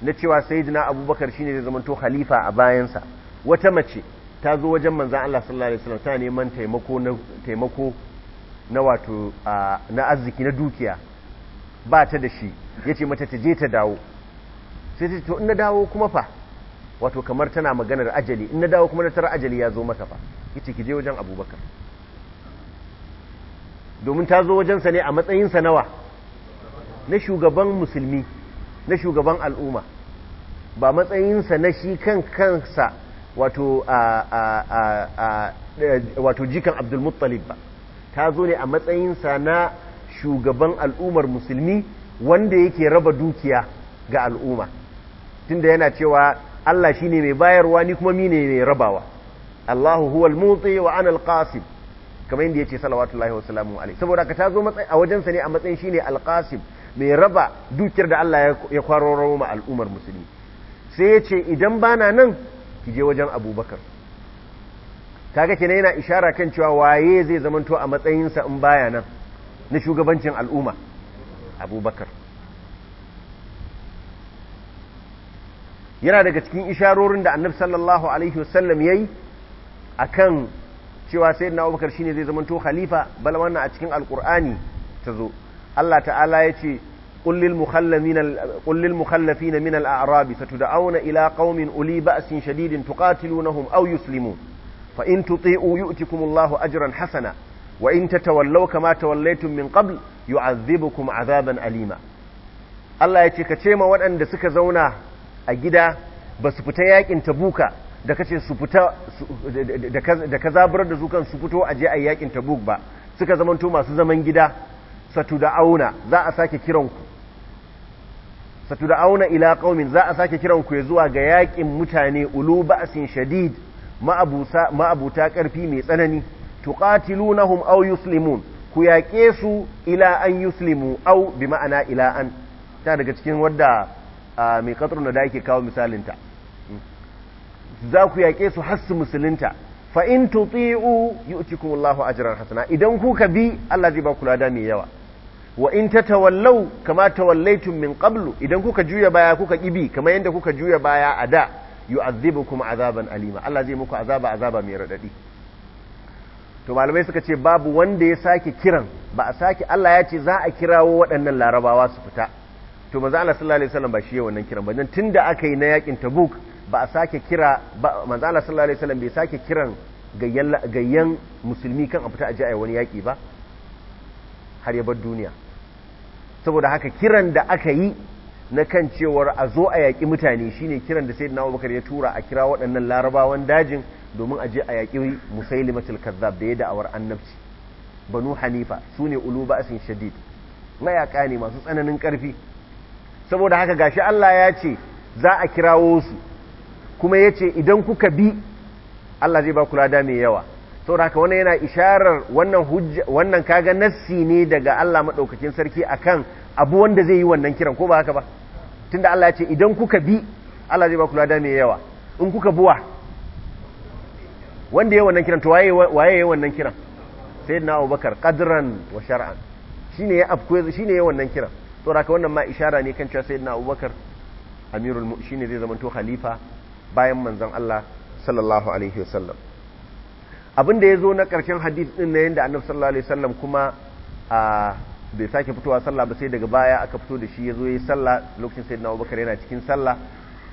na cewa sayyidina abubakar shine zai zamanto khalifa a bayansa wata mace ta zo wajen manzon Allah sallallahu alaihi wasallam ta neman taimako na taimako na wato na arziki na dukiya ba ta da shi yace mata ta je ta dawo sai ta to in na dawo kuma fa wato kamar tana maganar ajali in na dawo kuma na tara ajali ya zo maka fa yace ki je wajen Abubakar domin ta zo wajensa ne a matsayinsa nawa na shugaban musulmi na shugaban al'umma ba matsayinsa na shi kan kansa wato eh, jikan abdulmuttalib ba ta zo ne a matsayinsa na shugaban al'ummar musulmi wanda yake raba dukiya ga al'umma tunda yana cewa Allah shi ne mai bayarwa ni kuma mine mai rabawa Allahu huwal muti wa ana qasim kamar yadda yace sallallahu alaihi wasallam alai saboda ka tazo matsayi a wajensa ne a matsayin shine qasim mai raba dukiyar da Allah ya kwararo ma al'ummar musulmi sai yace ce idan bana nan ki je wajen abubakar kaga kenan yana ishara kan cewa waye zai zamanto a matsayinsa in baya nan na shugabancin al'umma abubakar yana daga cikin isharorin da annabi sallallahu alaihi wasallam yayi akan cewa sayyidina abubakar shine zai zamanto khalifa bal a cikin ta zo. Allah ta'ala ya ce ƙullil minal a'arabi sa tuda'auna ila ƙaumin uli ba'asin shadidin tuqatilunahum aw yuslimun fa in tuti'u yu'tikum Allahu ajran hasana wa in tatawallaw kama tawallaytum min qabl yu'adhibukum azaban alima Allah ya ce ka ce ma waɗanda suka zauna a gida ba su fita yakin tabuka da kace su fita da ka zabar da su kan su fito a je a yakin tabuk ba suka zamanto masu zaman gida satuda'auna za a sake kiranku satuda'auna ila qaumin za a sake kiranku ya zuwa ga yakin mutane ulu ba'sin shadid ma'abuta ma'abuta karfi mai tsanani tuqatilunahum aw yuslimun ku yaƙe su ila an yuslimu au bi ma'ana ila an ta daga cikin wadda mai katsar da yake kawo misalinta za ku yaƙe su har su musulunta fa in tuti'u yu'tikumullahu Allahu ajran hasana idan ku ka bi Allah zai ba ku lada mai yawa wa in tawallau kama tawallaytum min qablu idan kuka juya baya kuka kibi kama yanda kuka juya baya a da yu'adhibukum azaban alima Allah zai muku azaba azaba mai radadi to malamai suka ce babu wanda ya sake kiran ba a sake Allah ya ce za a kirawo waɗannan larabawa su fita to manzo Allah sallallahu alaihi wasallam ba shi ya wannan kiran ba dan tunda aka yi na yakin Tabuk ba a sake kira ba manzo Allah sallallahu alaihi wasallam bai sake kiran gayyan musulmi kan a fita a aje ayi wani yaki ba har ya bar duniya saboda haka kiran da aka yi na kan cewar a zo a yaƙi mutane shine kiran da sayyidina Abubakar ya tura a kira waɗannan larabawan dajin domin a je a yaƙi musailimatul kazzab da ya da'awar annabci banu hanifa sune ulu ba'sin shadid mayaka ne masu tsananin ƙarfi saboda haka gashi Allah ya ce za a kirawo su kuma yace idan kuka bi Allah zai ba ku lada mai yawa da haka wani yana isharar wannan hujja wannan kaga nassi ne daga Allah madaukakin sarki akan abu wanda zai yi wannan kiran ko ba haka ba tunda Allah ya ce idan kuka bi Allah zai ba ku lada mai yawa in kuka buwa wanda ya wannan kiran to waye waye yayi wannan kiran sayyidina Abubakar qadran wa shar'an shine ya afko shine ya wannan kiran to haka wannan ma ishara ne kan cewa sayyidina Abubakar amirul mu'minin zai zama to khalifa bayan manzon Allah sallallahu alaihi wasallam abin da ya zo na ƙarshen hadith ɗin na yadda annabi sallallahu alaihi wasallam kuma a bai sake fitowa sallah ba sai daga baya aka fito da shi ya zo ya yi sallah lokacin sai na abubakar yana cikin sallah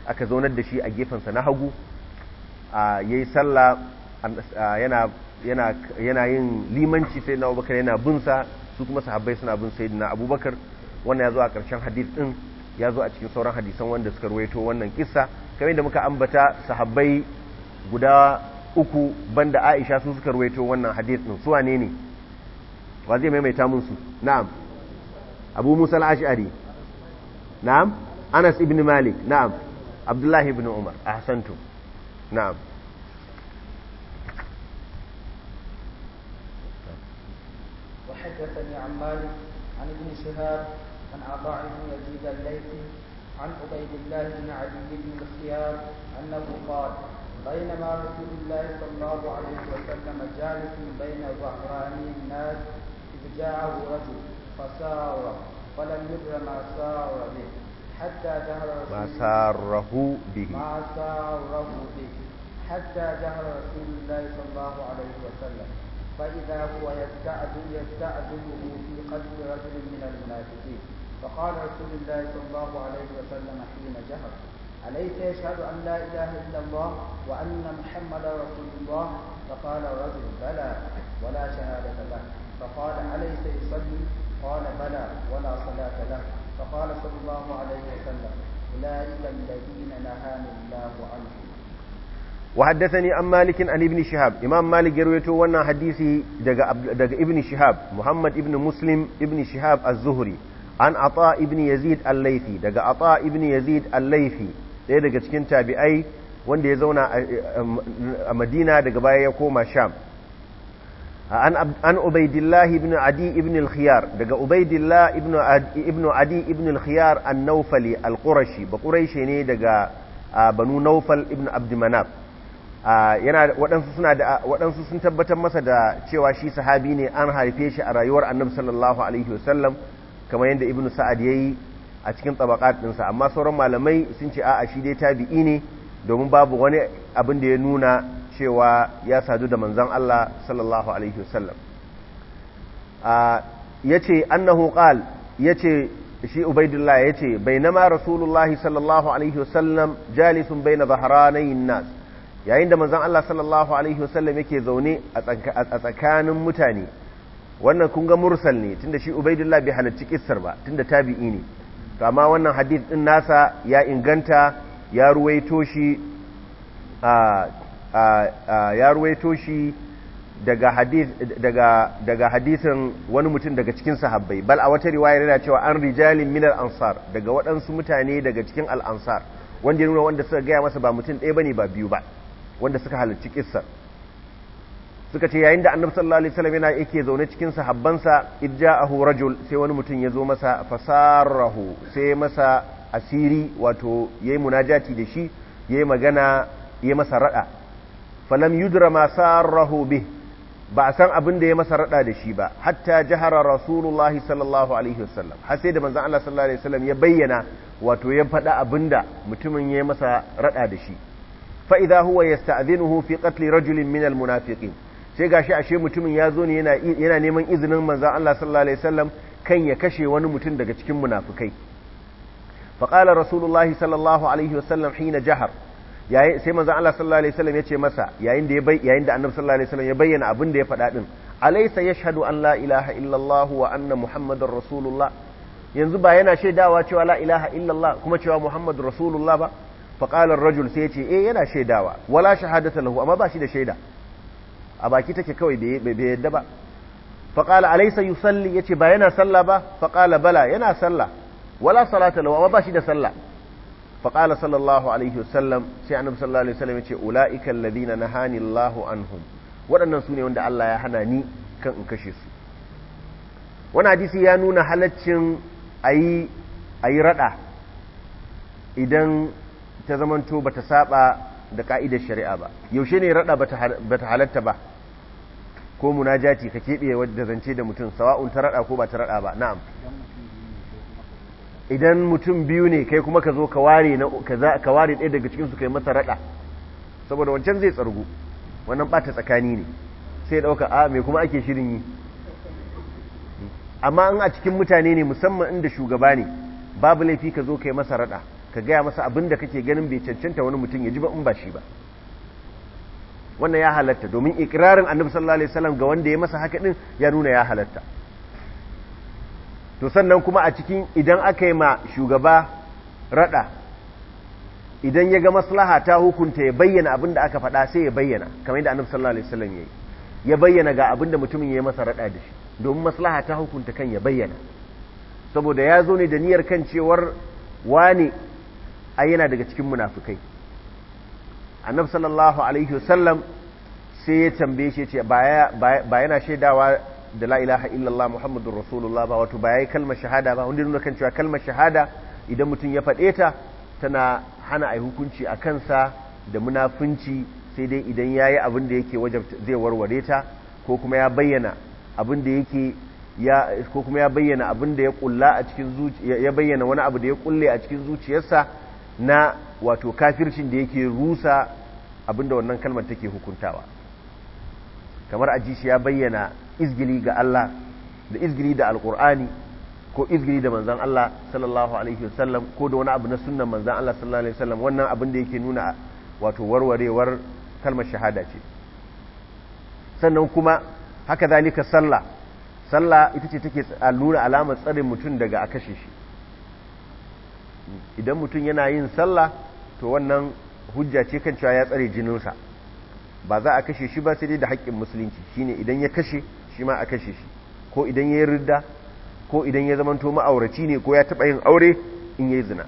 aka zaunar da shi a gefensa na hagu ya yi sallah yana yin limanci sai na abubakar yana binsa su kuma sahabbai suna bin sai na abubakar wannan ya zo a ƙarshen hadith ɗin ya zo a cikin sauran hadisan wanda suka ruwaito wannan kisa kamar yadda muka ambata sahabbai guda uku banda aisha sun suka ruwaito wannan hadith din su wane ne wa zai maimaita mun su na'am abu musa al-ash'ari na'am anas ibn malik na'am Abdullah ibn umar ahsantu na'am وحدثني عن مالك عن ابن شهاب عن عطاء بن يزيد الليثي عن عبيد الله بن علي بن الخيار انه قال بينما رسول الله صلى الله عليه وسلم جالس بين ظهراني الناس إذ جاءه رجل فسار فلم يدر ما سار به حتى جهر ما ساره به ما ساره به حتى جهر رسول الله صلى الله عليه وسلم فإذا هو يستعجل يستعجله في قتل رجل من المنافقين فقال رسول الله صلى الله عليه وسلم حين جهر أليس يشهد أن لا إله إلا الله وأن محمد رسول الله فقال الرجل بلى ولا شهادة له فقال أليس يصلي قال بلى ولا صلاة له فقال صلى الله عليه وسلم أولئك الذين نهان الله عنهم وحدثني عن مالك عن ابن شهاب امام مالك يرويته وانا حديثي دغ ابن شهاب محمد ابن مسلم ابن شهاب الزهري عن عطاء ابن يزيد الليثي دغ عطاء ابن يزيد الليثي ɗaya daga cikin tabi'ai wanda ya zauna a madina daga baya ya koma sham an ubaidillah ibn adi ibn al-khiyar daga ubaidillah ibn adi ibn al-khiyar an-naufali al-qurashi ba ƙurashi ne daga banu naufal ibn abdimanab waɗansu sun tabbatar masa da cewa shi sahabi ne an haife shi a rayuwar annabi sallallahu alaihi wasallam kamar yadda ibn sa'ad ya yi. a cikin tabaqat ɗinsa amma sauran malamai sun ce a'a shi dai tabi'i ne domin babu wani abin da ya nuna cewa ya sadu da manzan Allah sallallahu alaihi wasallam ce annahu ya ce shi ce bai nama rasulullahi sallallahu alaihi wasallam jalisun na yin nas yayin da manzan Allah sallallahu alaihi wasallam yake zaune a tsakanin mutane wannan kun ga mursal ne tunda shi ubaidullah bai halarci kissar ba tunda tabi'i ne amma wannan hadith din nasa ya inganta ya ruwaito shi ya ruwaito shi daga hadith daga daga hadithin wani mutum daga cikin sahabbai bal a wata riwaya yana cewa an rijalin minal ansar daga waɗansu mutane daga cikin al ansar wanda ya nuna wanda suka gaya masa ba mutum ɗaya bane ba biyu ba wanda suka halarci kissar suka ce yayin da annabi sallallahu alaihi wasallam yana yake zaune cikin sahabbansa idja'ahu rajul sai wani mutum ya zo masa fasarahu sai masa asiri wato yayi munajati da shi yayi magana yayi masa rada falam yudra ma sarahu bih ba a san abin da ya masa rada da shi ba hatta jahara rasulullahi sallallahu alaihi wasallam har sai da manzon Allah sallallahu alaihi wasallam ya bayyana wato ya faɗa abinda mutumin ya masa rada da shi fa idza huwa yasta'dhinuhu fi qatl rajulin min almunafiqin sai gashi ashe mutumin ya zo ne yana neman izinin manzan Allah sallallahu alaihi wasallam kan ya kashe wani mutum daga cikin munafukai faqala rasulullahi sallallahu alaihi wasallam hina jahar sai manzan Allah sallallahu alaihi wasallam ya ce masa yayin da ya bai yayin da sallallahu alaihi wasallam ya bayyana abin da ya faɗa din alaysa yashhadu an la ilaha illallah wa anna muhammadar rasulullah yanzu ba yana shaidawa cewa la ilaha illallah kuma cewa muhammadur rasulullah ba faqala ar-rajul sai ya ce eh yana shaidawa wala shahadata lahu amma ba shi da shaida a baki take kawai bai yadda ba faƙala alaisa yusalli ya ce ba yana sallah ba faƙala bala yana sallah wala salata lawa ba shi da sallah faƙala sallallahu alaihi wasallam sai annabi sallallahu alaihi wasallam ya ce ula'ika alladhina nahani Allahu anhum waɗannan su ne wanda Allah ya hana ni kan in kashe su wani hadisi ya nuna halaccin ayi ayi rada idan ta zamanto bata saba da ka'idar shari'a ba yaushe ne rada bata halatta ba ko munajati ka keɓe wadda zance da mutum sawa'un ta rada ko ba ta rada ba na'am idan mutum biyu ne kai kuma ka zo ka ware ɗaya daga cikinsu kai masa raɗa saboda wancan zai tsargu wannan ta tsakani ne sai ɗauka a mai kuma ake shirin yi amma in a cikin mutane ne musamman inda shugaba ne babu laifi ka zo kai masa raɗa ka gaya masa abin da kake ganin bai cancanta wani mutum ya ji ba in ba shi ba wannan ya halatta domin ikirarin annabi sallallahu alaihi wasallam ga wanda ya masa haka din ya nuna ya halatta to sannan kuma a cikin idan aka yi ma shugaba rada idan ya ga maslaha ta hukunta ya bayyana abin da aka faɗa sai ya bayyana kamar yadda annabi sallallahu alaihi wasallam yayi ya bayyana ga abin da mutumin ya yi masa rada da shi domin maslaha ta hukunta kan ya bayyana saboda ya zo ne da niyyar kan cewar wani ai yana daga cikin munafikai annabi sallallahu alaihi wasallam sai ya tambaye shi ce ba yana shaidawa da la ilaha illallah muhammadur rasulullah ba wato ba yayi kalmar shahada ba wanda nuna kan cewa kalmar shahada idan mutum ya faɗe ta tana hana ai hukunci a kansa da munafunci sai dai idan yayi abin da yake wajabta zai warware ta ko kuma ya bayyana abin da yake ko kuma ya bayyana abin da ya kulla a cikin zuciya ya bayyana wani abu da ya kulle a cikin zuciyarsa na wato kafircin da yake rusa abinda wannan kalmar take hukuntawa kamar ajishi ya bayyana izgili ga Allah da izgili da alkur'ani ko izgili da manzan Allah sallallahu alaihi wasallam ko da wani abu na sunnan manzan Allah sallallahu alaihi wasallam wannan abin da yake nuna wato warwarewar kalmar shahada ce sannan kuma haka zalika sallah sallah ita ce take nuna alamar tsarin mutum daga a kashe shi idan mutum yana yin sallah to wannan hujja ce kan cewa ya tsare jininsa ba za a kashe shi ba sai dai da haƙƙin musulunci shine idan ya kashe shi ma a kashe shi ko idan ya yi ridda ko idan ya zamanto ma'auraci ne ko ya taɓa yin aure in ya yi zina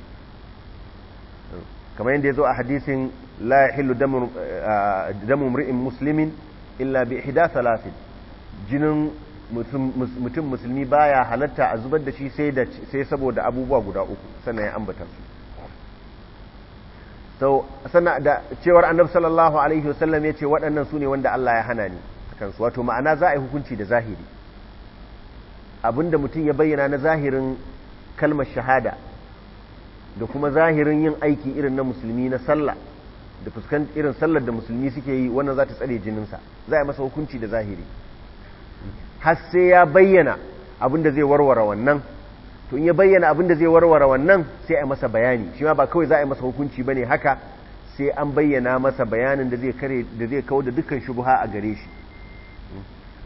kamar yadda ya zo a hadisin la hillu eh, damu mri'in muslimin illa bi hida salasin jinin mutum musulmi baya halatta a zubar da shi sai saboda abubuwa guda uku sannan ya ambata sau sannan da cewar annabi sallallahu alaihi wasallam ya ce waɗannan su ne wanda Allah ya hana ni kansu wato ma'ana za a yi hukunci da zahiri abinda mutum ya bayyana na zahirin kalmar shahada da kuma zahirin yin aiki irin na musulmi na sallah da fuskan irin sallar da musulmi suke yi wannan za ta tsare jininsa za a yi masa hukunci da zahiri har sai ya bayyana abin da zai warware wannan to in ya bayyana abin da zai warware wannan sai a masa bayani shi ma ba kawai za a yi masa hukunci bane haka sai an bayyana masa bayanin da zai kare da zai kawo da dukkan shubha a gare shi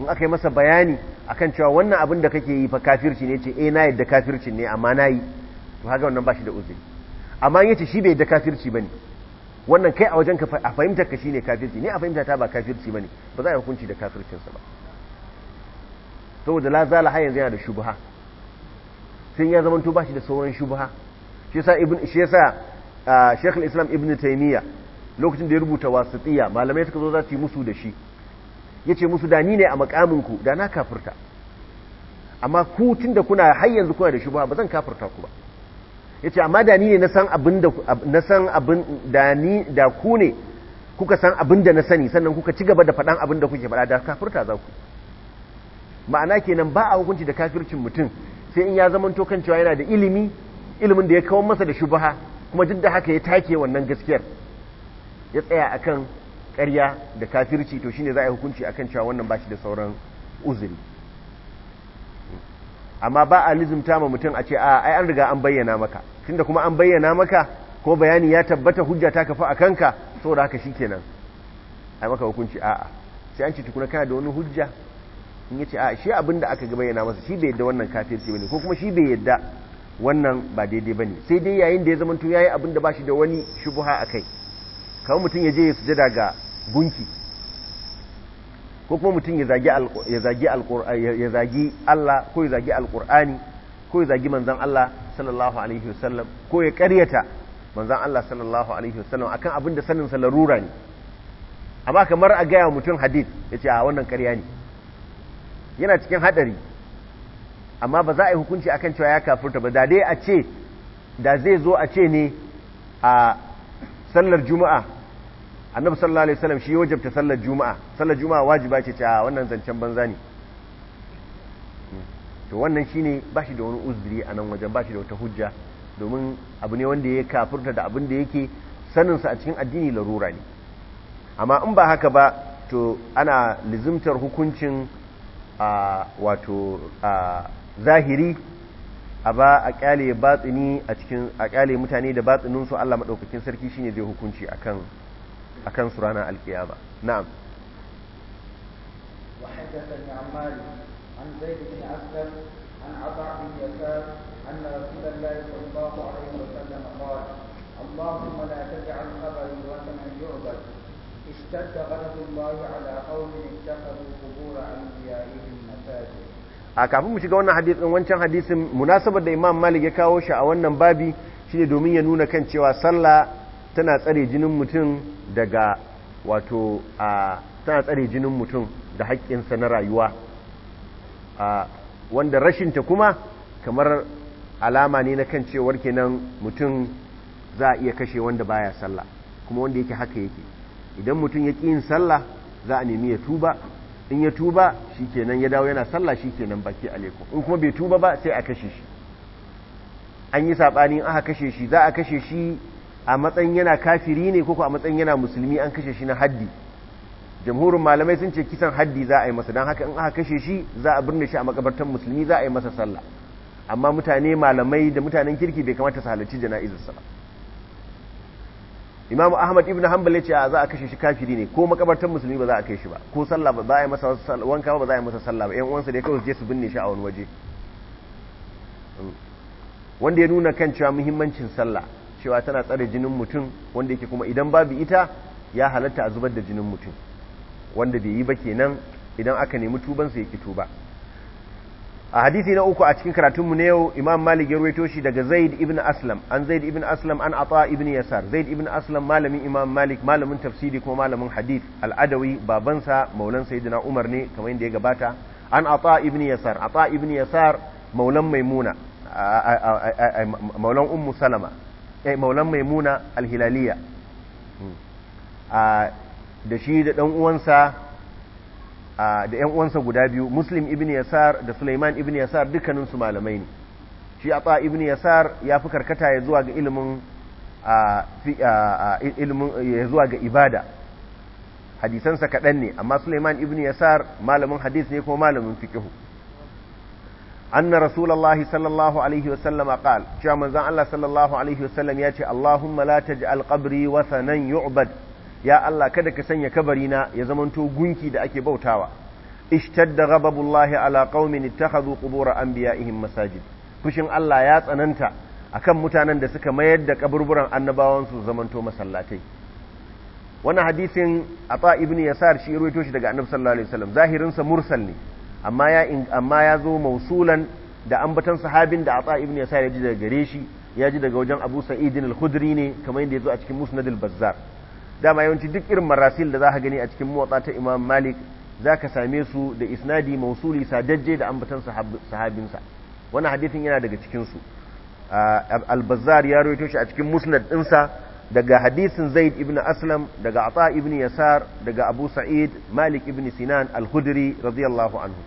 in aka yi masa bayani akan cewa wannan abin da kake yi fa kafirci ne ce eh na yadda kafirci ne amma nayi to haka wannan ba shi da uzuri amma in yace shi bai yadda kafirci bane wannan kai a wajen ka a fahimtar ka shine kafirci ne a fahimta ta ba kafirci bane ba za a yi hukunci da kafircinsa ba saboda la zala har yanzu yana da shubha sai ya zama ba shi da sauran shubha shi yasa ibn shi yasa Sheikh al-Islam Ibn Taymiyyah lokacin da ya rubuta wasitiya malamai suka zo za su yi musu da shi yace musu da ni ne a makamin ku da na kafirta amma ku tunda kuna har yanzu kuna da shubha ba zan kafirta ku ba yace amma da ni ne na san abin da na san abin da ni da ku ne kuka san abin da na sani sannan kuka ci gaba da faɗan abin da kuke faɗa da kafirta za ku ma'ana kenan ba a hukunci da kafircin mutum sai in ya zamanto kan cewa yana da ilimi ilimin da ya kawo masa da shubaha kuma duk da haka ya take wannan gaskiyar ya tsaya akan ƙarya da kafirci to shine za a yi hukunci akan cewa wannan ba shi da sauran uzuri amma ba a lizumta ma mutum a ce a ai an riga an bayyana maka tunda kuma an bayyana maka ko bayani ya tabbata hujja ta kafa a kanka saboda haka shikenan ai maka hukunci a'a sai an ce tukuna kana da wani hujja in yace a shi abin da aka yana masa shi bai yadda wannan kafirci bane ko kuma shi bai yadda wannan ba daidai bane sai dai yayin da ya zama to yayi abin da bashi da wani a akai kawai mutum ya je ya sujada ga gunki ko kuma mutum ya zagi ya zagi ya zagi Allah ko ya zagi alqur'ani ko ya zagi manzon Allah sallallahu alaihi wasallam ko ya ƙaryata manzon Allah sallallahu alaihi wasallam akan abin da sanin sa larura ne amma kamar a gaya mutum hadith yace a wannan ƙarya ne yana cikin hadari amma ba za a yi hukunci akan cewa ya kafurta ba da dai a ce da zai zo a ce ne a sallar juma'a annabi sallallahu alaihi wasallam shi wajabta sallar juma'a sallar juma'a wajiba ce ta ah, wannan zancen banza ne to wannan shine bashi da wani uzuri a nan wajen bashi da wata hujja domin abu ne wanda ya kafurta da abin da yake saninsa a cikin addini larura ne amma in ba haka ba to ana lizimtar hukuncin a wato a zahiri a ba a kyale batsini a cikin a kyale mutane da batsinin su Allah madaukakin sarki shine zai hukunci akan akan su ranar alkiyama na'am wa hadathani ammar an zaid bin aslam an aba bin yasar anna rasulullahi sallallahu alaihi wasallam qala allahumma la taj'al qabri wa kana yu'bad اشتد غضب الله على قوم اتخذوا قبور انبيائهم مساجد a kafin mu shiga wannan hadisin wancan hadisin munasabar da Imam Malik ya kawo shi a wannan babi shine domin ya nuna kan cewa sallah tana tsare jinin mutum daga wato a tana tsare jinin mutum da haƙƙinsa na rayuwa a wanda rashin kuma kamar alama ne na kan cewar kenan mutum za a iya kashe wanda baya sallah kuma wanda yake haka yake idan mutum ya ƙin sallah za a nemi ya tuba in ya tuba shi kenan ya dawo yana sallah shi kenan baki alaikum in kuma bai tuba ba sai a kashe shi an yi saɓani aka kashe shi za a kashe shi a matsayin yana kafiri ne ko a matsayin yana musulmi an kashe shi na haddi jamhurin malamai sun ce kisan haddi za a yi masa don haka in aka kashe shi za a birne shi a makabartan musulmi za a yi masa sallah amma mutane malamai da mutanen kirki bai kamata su halarci jana'izar sallah imamu ahmad ibn hanbal yace za a kashe shi kafiri ne ko makabartar musulmi ba za a kai shi ba ko sallah ba za a yi masa wanka ba za a yi masa sallah ba yan uwansa da kawai su je su binne shi a wani waje mm. wanda ya nuna kan cewa muhimmancin sallah cewa tana tsare jinin mutum wanda yake kuma idan babu ita ya halatta a zubar da jinin mutum wanda bai yi ba kenan idan aka nemi tubansa ya ki tuba a hadisi na uku a cikin karatun mu ne yau imam malik ya ruwaito shi daga zaid ibn aslam an zaid ibn aslam an ata ibn yasar zaid ibn aslam malamin imam malik malamin tafsiri kuma malamin hadith al'adawi babansa maulan sayyidina umar ne kamar yadda ya gabata an ata ibn yasar ata ibn yasar maulan maimuna maulan ummu salama eh maulan maimuna alhilaliya hmm. da shi da dan uwansa da ‘yan uwansa guda biyu muslim ibn yasar da suleiman ibn yasar dukkaninsu malamai ne shi a ibn yasar ya fi karkata ya zuwa ga ilimin ya zuwa ga ibada hadisansa kaɗan ne amma suleiman ibn yasar malamin hadis ne kuma malamin fikihu anna rasulallahi sallallahu alaihi wa wasallam qal cewa manzon Allah sallallahu alaihi wasallam ya ce Allahumma la taj'al qabri wasanan yu'bad ya Allah kada ka sanya kabarina ya zamanto gunki da ake bautawa ishtadda ghadabullahi ala qaumin ittakhadhu qubur anbiya'ihim masajid fushin Allah ya tsananta akan mutanen da suka mayar da kaburburan annabawan su zamanto masallatai wannan hadisin ata ibn yasar shi ruwaito shi daga annabi sallallahu alaihi wasallam zahirin sa mursal ne amma ya amma ya zo mausulan da ambatan sahabin da ata ibn yasar ya ji daga gare shi ya ji daga wajen abu sa'id al-khudri ne kamar yadda ya zo a cikin musnad al-bazzar dama yawanci duk irin marasil da za ka gani a cikin motsa ta imam malik za ka same su da isnadi mausuli sadajje da ambatan sahabinsa wani hadithin yana daga cikinsu albazar ya rawaito shi a cikin musnad ɗinsa daga hadisin zaid ibn aslam daga ata ibn yasar daga abu sa'id malik ibn sinan al-hudri radiyallahu anhu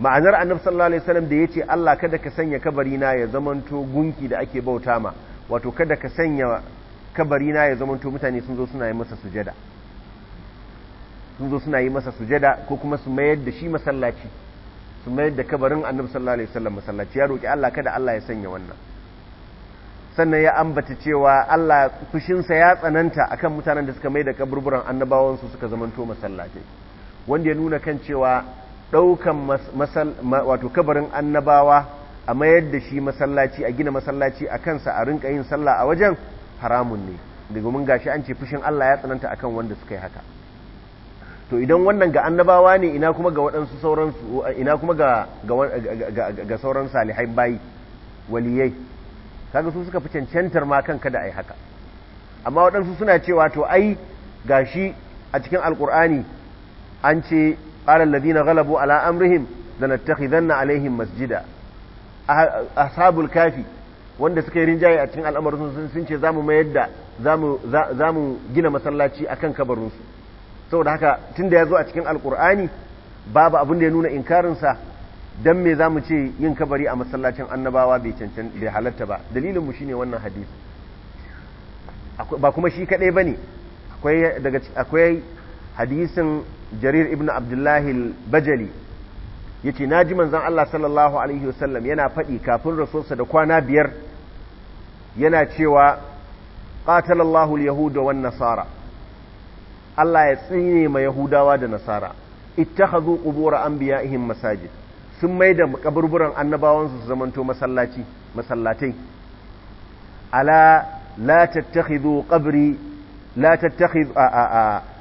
ma'anar annabi sallallahu alaihi wasallam da yace Allah kada ka sanya kabari na ya zamanto gunki da ake bauta ma wato kada ka sanya kabari na ya zamanto mutane sun zo suna yi masa sujada sun zo suna yi masa sujada ko kuma su mayar da shi masallaci su mayar da kabarin annabi sallallahu alaihi wasallam masallaci ya roki Allah kada Allah ya sanya wannan sannan ya ambata cewa Allah fushinsa ya tsananta akan mutanen da suka mai da kaburburan annabawan su suka zamanto masallaci wanda ya nuna kan cewa daukan masal wato kabarin annabawa a mayar da shi masallaci a gina masallaci a kansa a rinka yin sallah a wajen haramun ne daga mun gashi an ce fushin Allah ya tsananta akan wanda suka yi haka to idan wannan ga annabawa ne ina kuma ga waɗansu sauran ina kuma ga ga sauran salihai bayi waliyai kaga su suka fi cancantar ma kanka da ai haka amma waɗansu suna cewa to ai gashi a cikin alkur'ani an ce qala alladhina ghalabu ala amrihim lanattakhidhanna alaihim masjida ashabul kafi wanda suka yi rinjaye a cikin al'amarin sun ce za mu mayar da za mu gina masallaci a kan kabarinsu saboda haka tun da ya zo a cikin alkur'ani babu abin da ya nuna inkarinsa don me za mu ce yin kabari a masallacin annabawa bai cancan bai halatta ba dalilinmu shi ne wannan hadisi ba kuma shi kaɗai ba ne akwai hadisin jarir ibn abdullahi bajali yace naji manzan Allah sallallahu alaihi wasallam yana faɗi kafin rasulsa da kwana biyar yana cewa ƙatalallahu alyahuda wa nasara Allah ya tsine ma yahudawa da nasara an biya anbiya'ihim masajid sun maida kaburburan annabawansu su zamanto masallaci masallatai ala la tattakhidhu qabri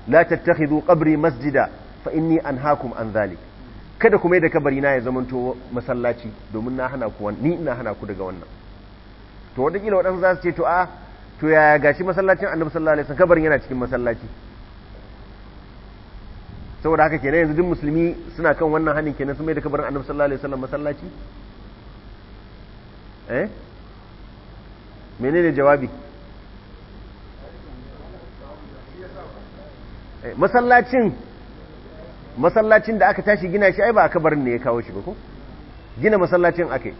la tattakhidhu qabri masjida fa inni anhaakum an dhalik kada kuma da kabari na ya zamanto masallaci domin na hana ku ni ina hana ku daga wannan to wadakila waɗansu za su ce to a to ya gashi masallacin annabi sallallahu alaihi wasallam kabarin yana cikin masallaci saboda haka kenan yanzu duk musulmi suna kan wannan hanin kenan su mai da kabarin annabi sallallahu alaihi wasallam masallaci eh menene jawabi eh, masallacin masallacin da aka tashi gina shi ai ba kabarin ne ya kawo shi ba ko gina masallacin ake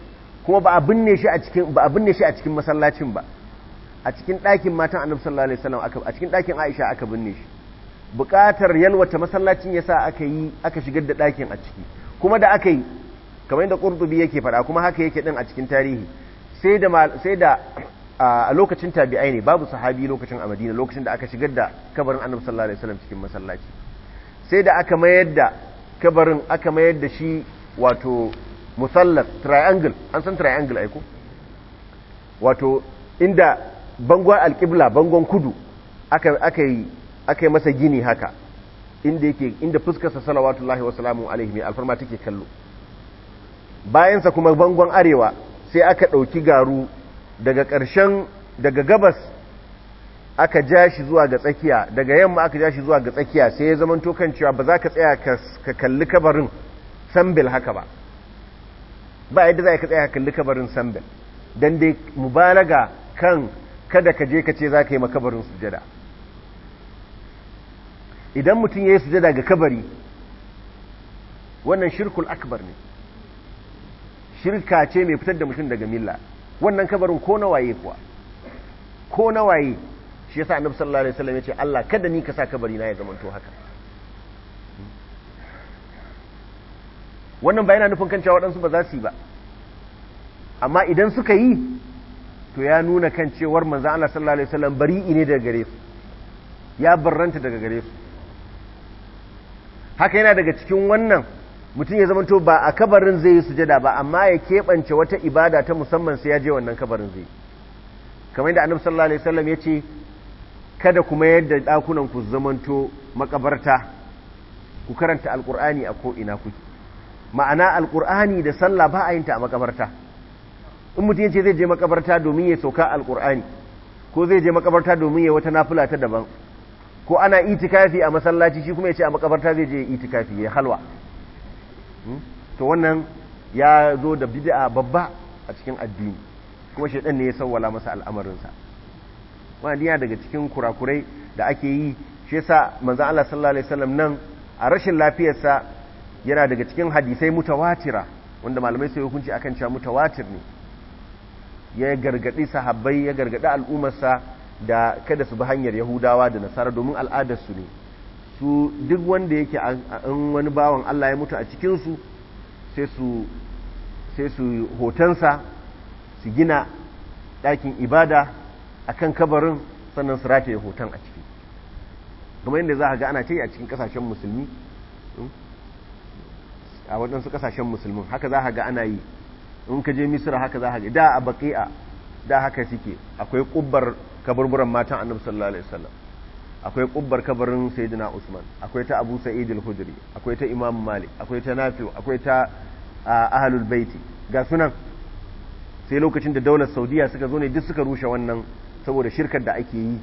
kuma ba a binne shi a cikin ba a binne shi a cikin masallacin ba a cikin ɗakin matan annabi sallallahu alaihi wasallam aka a cikin ɗakin Aisha aka binne shi buƙatar yalwata masallacin yasa aka yi aka shigar da ɗakin a ciki kuma da aka yi kamar yadda Qurtubi yake faɗa kuma haka yake din a cikin tarihi sai da sai da a lokacin tabi'ai ne babu sahabi lokacin a Madina lokacin da aka shigar da kabarin annabi sallallahu alaihi wasallam cikin masallaci sai da aka mayar da kabarin aka mayar da shi wato musallat triangle an san triangle aiko wato inda bangon alƙibla bangon kudu aka yi aka yi masa gini haka inda yake inda fuskarsa salawatullahi wasalamu alaihi mai alfarma take kallo bayansa kuma bangon arewa sai aka ɗauki garu daga ƙarshen daga gabas aka ja shi zuwa ga tsakiya daga yamma aka ja shi zuwa ga tsakiya sai ya zama tokan cewa ba za ka tsaya ka kalli kabarin sambil haka ba ba yadda za ka tsaya ka kalli kabarin sambil don dai mubalaga kan kada ka je ka ce za ka yi makabarin sujada idan mutum ya yi sujada ga kabari wannan shirkul akbar ne shirka ce mai fitar da mutum daga milla wannan kabarin ko na waye kuwa ko na shi yasa annabi sallallahu alaihi wasallam yace Allah kada ni ka sa kabari na ya to haka wannan ba yana nufin kan cewa waɗansu ba za su yi ba amma idan suka yi to ya nuna kan cewar manzo Allah sallallahu alaihi wasallam bari'i ne daga gare su ya barranta daga gare su haka yana daga cikin wannan mutum ya zamanto ba a kabarin zai yi sujada ba amma ya keɓance wata ibada ta musamman sai ya je wannan kabarin zai kamar yadda annabi sallallahu alaihi wasallam ya kada kuma yadda ɗakunan ku zamanto makabarta ku karanta alkur'ani a ko'ina kuke ma'ana alkur'ani da sallah ba a yinta a makabarta in mutum ce zai je makabarta domin ya sauka alkur'ani ko zai je makabarta domin ya wata nafula ta daban ko ana itikafi a masallaci shi kuma ya ce a makabarta zai je itikafi ya halwa hmm? to wannan ya zo da bid'a babba a cikin addini kuma shaidan ne ya sawwala masa al'amarinsa maniya daga cikin kurakurai da ake yi shi yasa manzo Allah sallallahu alaihi wasallam nan a rashin lafiyarsa yana daga cikin hadisai mutawatira wanda malamai sai hukunci akan cewa mutawatir ne ya gargadi sahabbai ya gargadi al'ummarsa da kada su bi hanyar yahudawa da nasara domin al'adarsu su ne su duk wanda yake an wani bawan Allah ya mutu a cikinsu su sai sai su hotonsa su gina ɗakin ibada akan kabarin sannan su rataye hoton a ciki kamar yadda za a ga ana ce a cikin kasashen musulmi hmm? a waɗansu kasashen musulmin haka za a ga ana yi in ka je misira haka za a ga da a a da haka suke akwai ƙubbar kaburburan matan annabi sallallahu alaihi wasallam akwai ƙubbar kabarin sayyidina usman akwai ta abu sa'id al-hudri akwai ta imam malik akwai ta nafi akwai ta ahlul baiti ga sunan sai lokacin da daular saudiya suka zo ne duk suka rushe wannan saboda shirkar da ake yi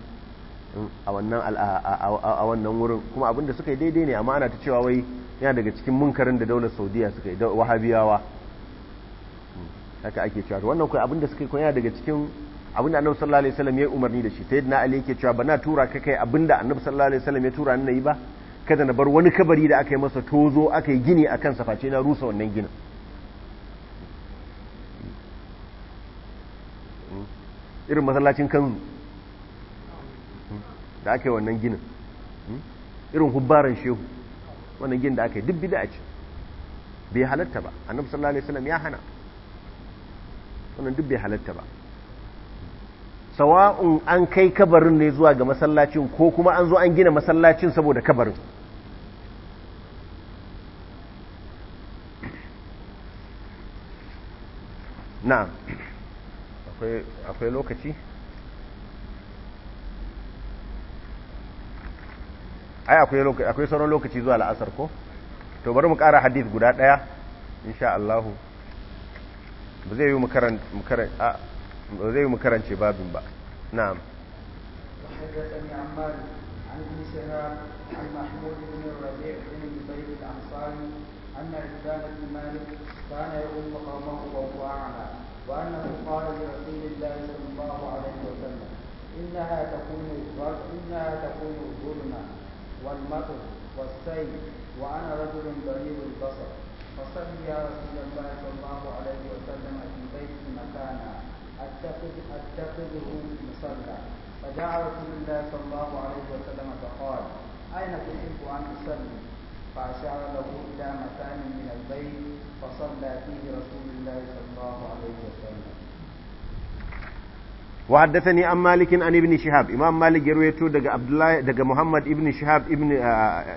a wannan wurin kuma abinda suka yi daidai ne amma ana ta cewa wai yana daga cikin munkarin da daular saudiya suka yi da wahabiyawa hmm. haka ake cewa wannan kai abinda suka yi kuma yana daga cikin abinda annabu sallallahu alaihi wasallam ya umarni da shi ta na ali yake cewa bana tura ka kai abinda annabu sallallahu alaihi wasallam ya tura ni yi ba kada na bar wani kabari da aka yi masa tozo aka yi gini akan saface na rusa wannan ginin irin masallacin kanzu da aka yi wannan ginin irin hubbaran shehu wannan ginin da aka yi dubbi da a ce bai halatta ba annabi sallallahu alaihi wasallam ya hana wannan dubbi halatta ba sawa'un an kai kabarin ne zuwa ga masallacin ko kuma an zo an gina masallacin saboda kabarin na'am akwai lokaci ai akwai sauran lokaci zuwa la'asar ko to bari mu kara hadith guda daya insha Allah ba zai yi mu karance babin ba na'am yi عمار عن ابن شهاب عن محمود بن الربيع بن كان قومه وأنه قال لرسول الله صلى الله عليه وسلم إنها تكون إنها تكون الظلمة والمطر والسيل وأنا رجل ضريب البصر فصل يا رسول الله صلى الله عليه وسلم في بيتي مكانا أتخذ أتخذه مصلى فدعا رسول الله صلى الله عليه وسلم فقال أين تحب أن تصلي؟ فأشار له إلى مكان من البيت فصلى فيه رسول الله صلى الله عليه وسلم wa haddathani an malikin an ibn shihab imam malik ya ruwaito daga abdullahi daga muhammad ibn shihab ibn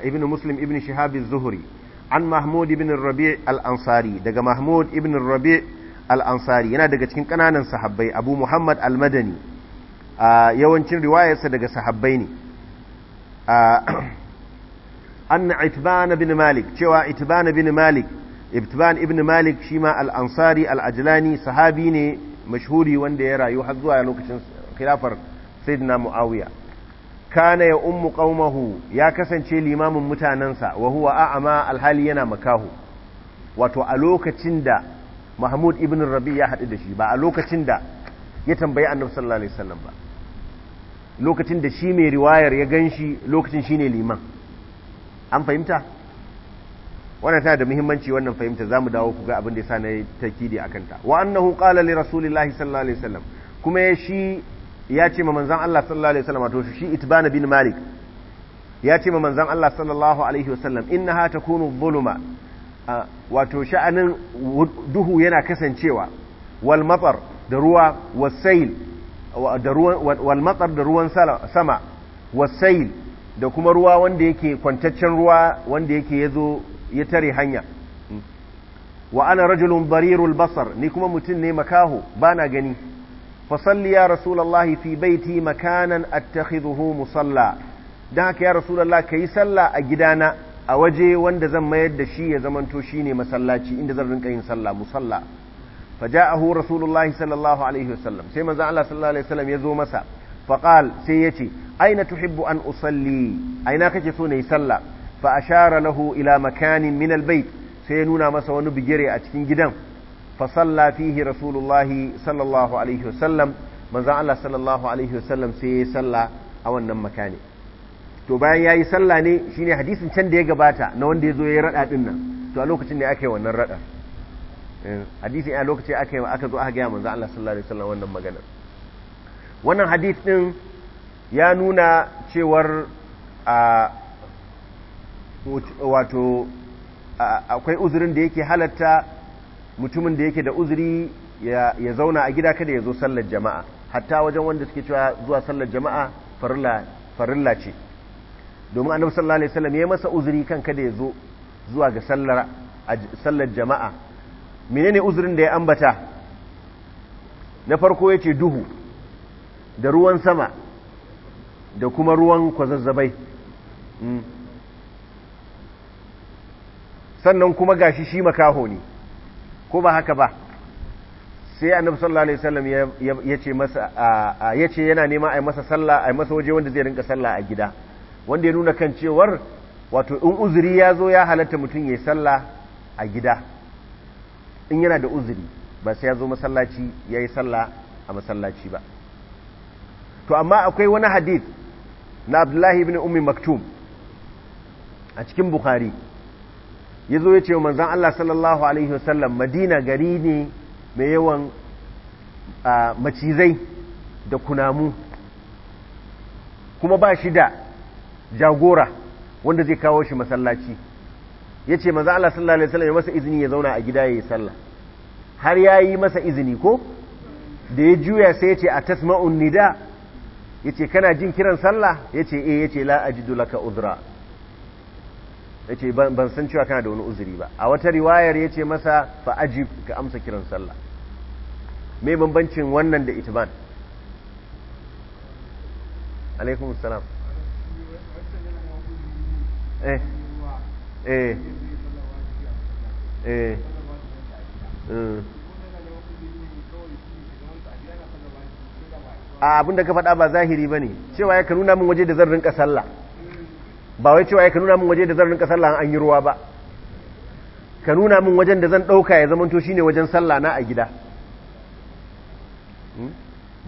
ibn ibn shihab az an mahmud ibn rabi' al-ansari daga mahmud ibn rabi' al-ansari yana daga cikin ƙananan sahabai abu muhammad al-madani yawancin riwayarsa daga sahabbai ne an itban bin malik cewa itban bin malik ibtiban ibn malik shi ma al'ansari al'ajilani sahabi ne mashhuri wanda ya rayu har zuwa lokacin kilafar sayyidina mu'awiya kana ya ummu qaumahu ya kasance limamin mutanensa wa huwa a'ama alhali yana makaho wato a lokacin da mahmud ibn rabi ya haɗu da shi ba a lokacin da ya tambayi annabi sallallahu alaihi wasallam ba lokacin da shi mai riwayar ya ganshi lokacin shine liman an fahimta wannan tana da muhimmanci wannan fahimta zamu dawo ku ga abin da yasa nayi takidi akan ta wa annahu qala li rasulillahi sallallahu alaihi wasallam kuma ya shi ya ce ma manzon Allah sallallahu alaihi wasallam to shi itban bin malik ya ce ma manzon Allah sallallahu alaihi wasallam innaha takunu dhuluma wato sha'anin duhu yana kasancewa wal matar da ruwa wasail da ruwan wal matar da ruwan sama wasail da kuma ruwa wanda yake kwantaccen ruwa wanda yake yazo ya tare hanya mm. wa ana rajulun barirul basar ni kuma mutum ne makaho bana gani fa salli ya rasulullahi fi baiti makanan attakhidhuhu musalla dan haka ya rasulullah kai sallah a gidana a waje wanda zan mayar da shi ya zamanto shine masallaci inda zan rinka yin sallah musalla faja'ahu rasulullahi sallallahu alaihi wasallam sai manzo Allah sallallahu alaihi wasallam ya masa faqal sai yace aina tuhibbu an usalli aina kake so nayi sallah fa ashara lahu ila makanin minal albayt sai ya nuna masa wani bigire a cikin gidan fa salla fihi rasulullah sallallahu alaihi wasallam manzon Allah sallallahu sai sallah a wannan makani to bayan yayi sallah ne shine hadisin can da ya gabata na wanda yazo yayi rada din nan to a lokacin ne aka yi wannan rada hadisi a lokacin aka yi aka zo aka ga manzon Allah sallallahu alaihi wasallam wannan maganar wannan hadith din ya nuna cewar a wato akwai uzurin da yake halatta mutumin da yake da uzuri ya zauna a gida kada ya zo sallar jama'a hatta wajen wanda suke cewa zuwa sallar jama'a farilla ce domin annabi sallallahu alaihi wasallam ya masa uzuri kan kada ya zo zuwa ga sallar sallar jama'a menene uzurin da ya ambata na farko yace duhu da ruwan sama da kuma ruwan kwazazzabai mm. sannan kuma gashi shi makaho ne ko ba haka ba sai annabi sallallahu alaihi wasallam ya ce yana nema a yi masa sallah a yi masa waje wanda zai rinka salla a gida wanda ya nuna kan cewar wato in uzuri ya zo ya halatta mutum ya yi sallah a gida in yana da uzuri ba sai ya zo masallaci ya yi sallah a masallaci ba to amma akwai wani hadith na abdullahi ibn ummi maktum a cikin bukhari ya zo ya ce manzan Allah sallallahu alaihi wasallam madina gari ne mai yawan macizai da kunamu kuma ba shi da jagora wanda zai kawo shi masallaci ya ce manzan Allah sallallahu alaihi wasallam ya masa izini ya zauna a gida ya yi sallah har ya yi masa izini ko da ya juya sai ya ce a tasma'un nida yace kana jin kiran sallah yace eh yace la ajidu laka udra yace ban san cewa kana da wani uzuri ba a wata riwayar yace masa fa ajib ka amsa kiran sallah me bambancin wannan da itiban alaikum salam eh eh eh hmm. a abin da ka faɗa ba zahiri ba ne cewa ya ka nuna min waje da zan ƙasalla sallah ba wai cewa ya ka nuna min waje da zan ƙasalla sallah an yi ruwa ba ka nuna min wajen da zan ɗauka ya zamanto ne wajen sallah na a gida hmm?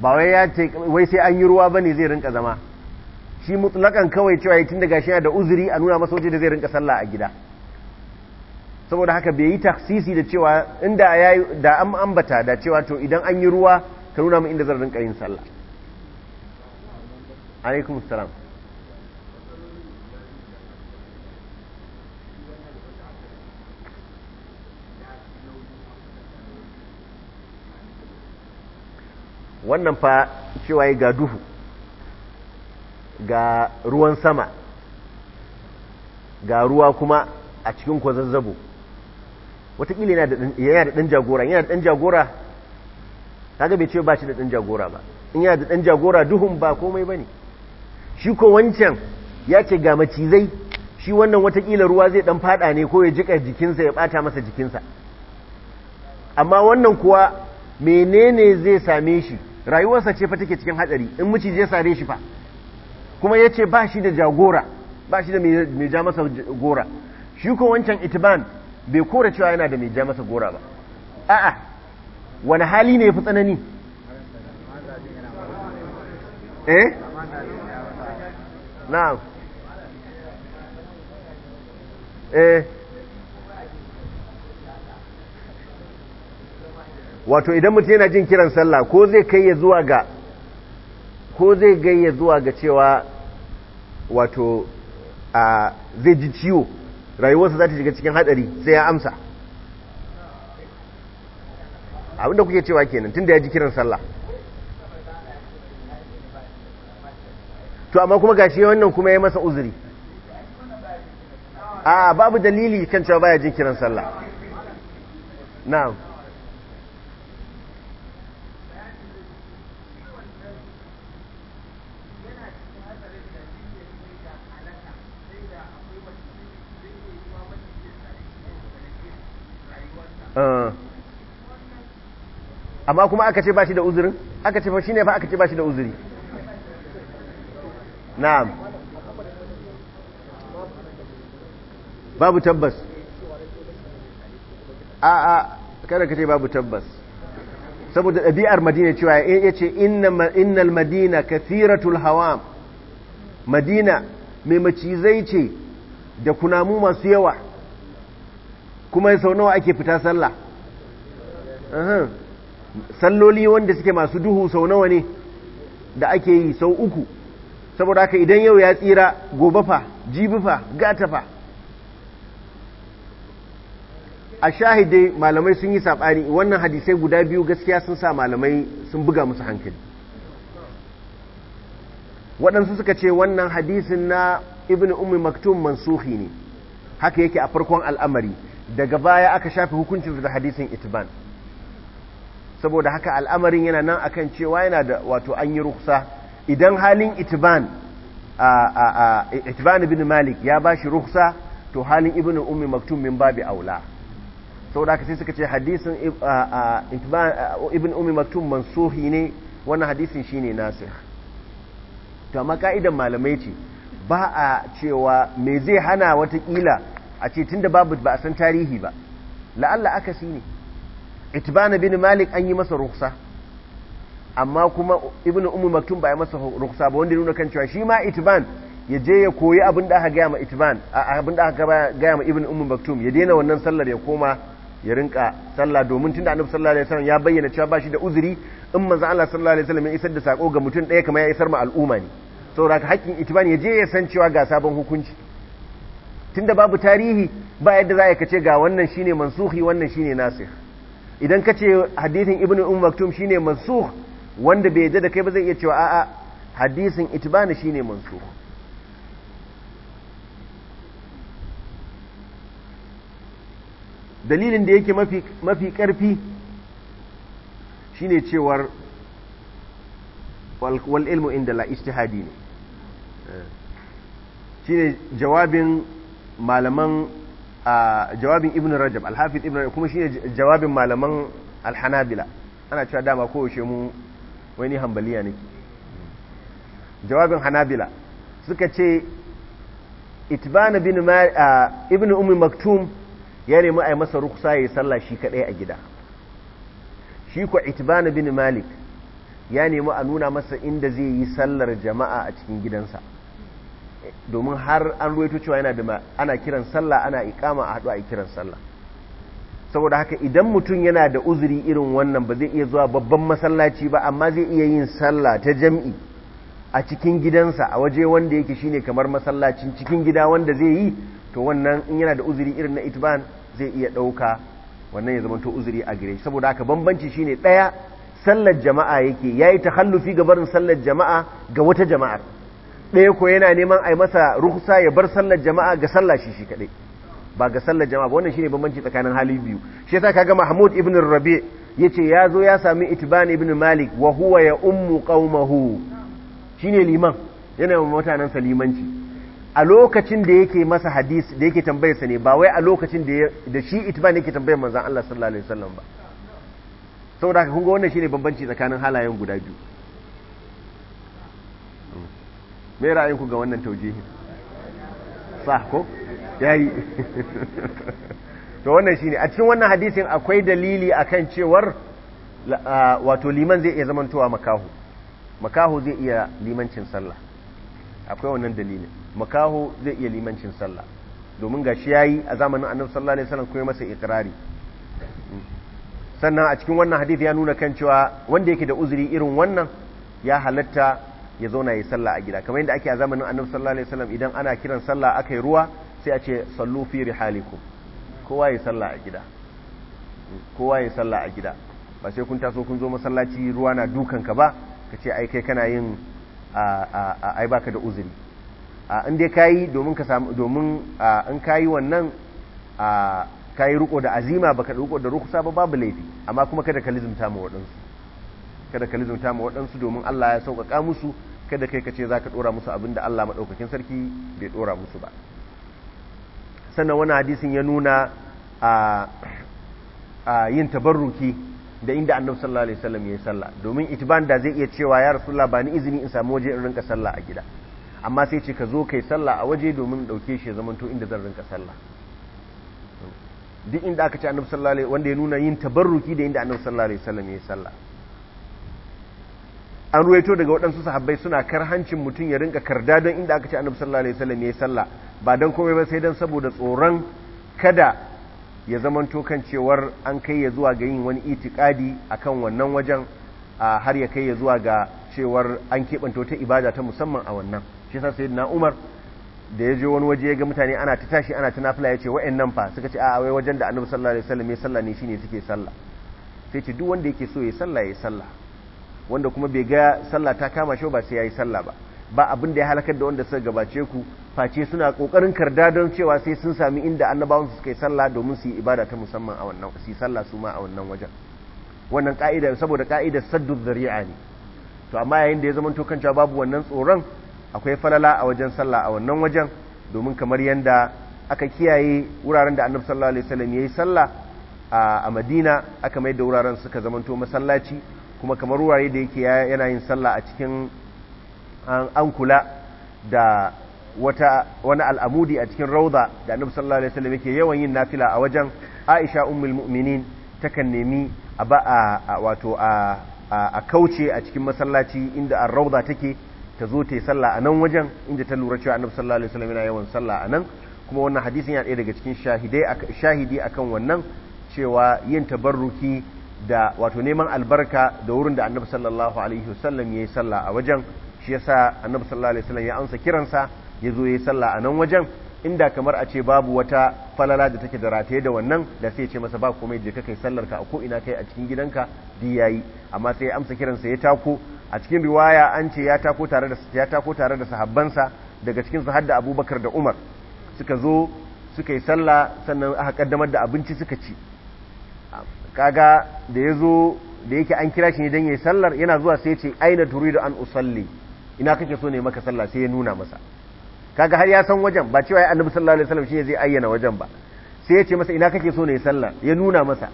ba wai ya ce wai sai an yi ruwa ba ne zai rinka zama shi mutlakan kawai cewa ya tun daga shi da uzuri a nuna masa waje da zai rinka sallah a gida saboda haka bai yi taksisi da cewa inda da an ambata da cewa to idan an yi ruwa ka nuna min inda zan rinka yin sallah alaikum salam wannan fa cewa yi ga duhu ga ruwan sama ga ruwa kuma a cikin kwazazzabo watakila yana da ɗan jagora yana da ɗan jagora kaga bai ce ba shi da ɗan jagora ba in yana da ɗan jagora duhun ba komai ba ne shi ko wancan ya ce ga macizai shi wannan watakila ruwa zai dan fada ne ko ya jika jikinsa ya bata masa jikinsa amma wannan kuwa menene zai same shi rayuwarsa ce fa take cikin hatsari in miciji ya sare shi fa kuma ya ce ba shi da jagora ba shi da mai ja masa gora shi ko wancan itiban bai kora cewa yana da mai ja masa gora ba a'a wani hali ne ya fi tsanani eh نعم ايه eh. wato idan mutum yana jin kiran sallah ko zai kai ya zuwa ga ko zai gai ya zuwa ga cewa wato a zai ji ciwo rayuwarsa za ta shiga cikin hadari sai ya amsa abinda kuke cewa kenan tunda ya ji kiran sallah to amma kuma gashi wannan kuma ya masa uzuri a babu dalili kan cewa baya jin kiran sallah na'am uh. amma kuma aka ce ba shi da uzurin aka ce fa shine fa aka ce ba shi da uzuri na'am babu tabbas a a kada ka ce babu tabbas saboda ɗabi'ar madina cewa eh, ya ce innal madina kathiratul hawam madina mai macizai ce da kunamu masu yawa kuma sau nawa ake fita sallah salloli wanda suke masu duhu sau nawa ne da ake yi sau uku saboda haka idan yau ya tsira gobe fa jibi fa gata fa a shahidai malamai sun yi saɓani wannan hadisai guda biyu gaskiya sun sa malamai sun buga musu hankali waɗansu suka ce wannan hadisin na ibn ummi maktum mansuhi ne haka yake a farkon al'amari daga baya aka shafi hukuncin da hadisin itban saboda haka al'amarin yana nan akan cewa yana da wato an yi ruksa idan halin itiban itiban ibn malik ya ba shi to halin ibn ummi maktum min babi aula saboda haka sai suka ce hadisin ibn ummi maktum mansuhi ne wannan hadisin shine nasir to amma ka'idan malamai ce ba a cewa me zai hana watakila a ce tunda babu ba a san tarihi ba la'alla akasi ne itiban bin malik an yi masa ruksa. amma kuma ibnu ummu maktum ba ya masa ruksa ba wanda nuna kan cewa shi ma itban ya je ya koyi abin da aka gaya ma itban abin da aka gaya ma ibnu ummu maktum ya daina wannan sallar ya koma ya rinka sallah domin tunda annabi sallallahu alaihi wasallam ya bayyana cewa ba shi da uzuri in manzo Allah sallallahu alaihi wasallam ya isar da sako ga mutum ɗaya kamar ya isar ma al'umma ne saboda hakkin itban ya je ya san cewa ga sabon hukunci tunda babu tarihi ba yadda za a kace ga wannan shine mansuhi wannan shine nasikh idan kace hadithin ibnu ummu maktum shine mansukh wanda bai yadda da kai ba zai iya cewa a'a hadisin itibani shine mansu dalilin da yake mafi mafi karfi shine cewar wal ilmu inda la istihadi ne shine jawabin malaman jawabin ibn rajab al-hafiz ibn rajab kuma shine jawabin malaman al-hanabila ana cewa dama kowace mu wai ni hambaliya ne jawabin hanabila suka ce itibana bin ibn ummi maktum ya nemi a yi masa ruksa ya yi sallah shi kaɗai a gida shi kuwa itbana bin malik ya nemi a nuna masa inda zai yi sallar jama'a a cikin gidansa domin har an ruwaito cewa yana da ana kiran sallah ana ikama a haɗu a kiran sallah saboda haka idan mutum yana da uzuri irin wannan ba zai iya zuwa babban masallaci ba amma zai iya yin sallah ta jam'i a cikin gidansa a waje wanda yake shine kamar masallacin cikin gida wanda zai yi to wannan in yana da uzuri irin na itban zai iya ɗauka wannan ya zama to uzuri a gare shi saboda haka bambanci shine ɗaya sallar jama'a yake yayi tahallufi ga barin sallar jama'a ga wata jama'a ɗaya ko yana neman ai masa ruhsa ya bar sallar jama'a ga sallah shi shi kaɗai ba ga sallar jama'a ba wannan shine bambanci tsakanin hali biyu shi yasa kaga Mahmud ibn Rabi yace ya zo ya sami Itban ibn Malik wa huwa ya ummu qaumahu shine liman yana wa mutanen salimanci limanci a lokacin da yake masa hadisi da yake tambayar sa ne ba wai a lokacin da da shi Itban yake tambayar manzon Allah sallallahu alaihi wasallam ba saboda kun ga wannan shine bambanci tsakanin halayen guda biyu me ra'ayinku ga wannan taujihin sah ko yayi to wannan shine a cikin wannan hadisin akwai dalili akan cewar wato liman zai iya zamantowa makahu makahu zai iya limancin sallah akwai wannan dalilin makahu zai iya limancin sallah domin ga shi yayi a zamanin annabi sallallahu alaihi wasallam kuma masa ikrari hmm. sannan a cikin wannan hadisi ya nuna kan cewa wanda yake da uzuri irin wannan ya halatta ya zauna ya sallah a gida kamar yadda ake a zamanin annabi sallallahu alaihi wasallam idan ana kiran sallah akai ruwa sai a ce sallu fi rihalikum kowa ya salla a gida kowa ya salla a gida ba sai kun taso kun zo masallaci ruwa na dukan ka ba ka ce ai kai kana yin ai baka da uzuri in dai kayi domin ka samu domin in kayi wannan kayi ruko da azima baka ruko da rukusa ba babu laifi amma kuma kada ka lizumta mu wadansu kada ka lizumta mu wadansu domin Allah ya sauƙaƙa musu kada kai ka ce zaka ɗora musu abinda Allah maɗaukakin sarki bai ɗora musu ba sannan wani hadisin ya nuna a yin tabarruki da inda annabi sallallahu alaihi wasallam yi sallah domin itiban da zai iya cewa ya rasulullah ba ni izini in samu waje in rinka sallah a gida amma sai ce ka zo kai sallah a waje domin dauke shi ya zamanto inda zan rinka sallah duk inda aka ce annabi sallallahu alaihi wanda ya nuna yin tabarruki da inda annabi sallallahu alaihi wasallam yayi sallah an ruwaito daga waɗansu sahabbai suna karhancin mutum ya rinka karda don inda aka ce annabi sallallahu alaihi wasallam yi sallah ba don komai ba sai don saboda tsoron kada ya zamanto kan cewar an kai ya zuwa ga yin wani itikadi akan wannan wajen har ya kai ya zuwa ga cewar an keɓanto ta ibada ta musamman a wannan shi sa na Umar da ya je wani waje ya ga mutane ana ta tashi ana ta nafila ya ce nan fa suka ce a wai wajen da Annabi sallallahu alaihi wasallam ya sallah ne shine suke sallah sai ce duk wanda yake so ya sallah ya sallah wanda kuma bai ga sallah ta kama shi ba sai yayi sallah ba ba abin da ya halakar da wanda suka gabace ku face suna kokarin karda don cewa sai sun sami inda annabawan su suka yi sallah domin su yi ibada ta musamman a wannan su yi sallah su ma a wannan wajen wannan ka'idar saboda ka'idar saddu zari'a ne to amma yayin da ya zama tokan cewa babu wannan tsoron akwai falala a wajen sallah a wannan wajen domin kamar yanda aka kiyaye wuraren da annabi sallallahu alaihi wasallam yayi sallah a Madina aka mai da wuraren suka zamanto masallaci kuma kamar wurare da yake yana yin sallah a cikin an kula da wata wani al'amudi a cikin rauda da annabi sallallahu alaihi wasallam yake yawan yin nafila a wajen Aisha ummul mu'minin takan nemi a ba a wato a a kauce a cikin masallaci inda ar-rauda take ta zo ta yi sallah a nan wajen inda ta lura cewa annabi sallallahu alaihi wasallam yana yawan sallah a nan kuma wannan hadisin ya ɗaya daga cikin shahidai shahidi akan wannan cewa yin tabarruki da wato neman albarka da wurin da annabi sallallahu alaihi wasallam yayi sallah a wajen shi yasa annabi sallallahu alaihi wasallam ya ansa kiransa ya zo ya salla a nan wajen inda kamar a ce babu wata falala da take da rataye da wannan da sai ce masa ba komai da kai sallar ka a ko ina kai a cikin gidanka di yayi amma sai ya amsa kiransa ya tako a cikin riwaya an ce ya tako tare da ya tako tare da sahabbansa daga cikin su hadda Abubakar da Umar suka zo suka yi salla sannan aka kaddamar da abinci suka ci kaga da ya zo da yake an kira shi ne dan yayi sallar yana zuwa sai ya ce aina turidu an usalli ina kake so ne maka sallah sai ya nuna masa kaga har ya san wajen ba cewa ya annabi sallallahu alaihi wasallam shi zai ayyana wajen ba sai ya ce masa ina kake so ne sallah ya nuna masa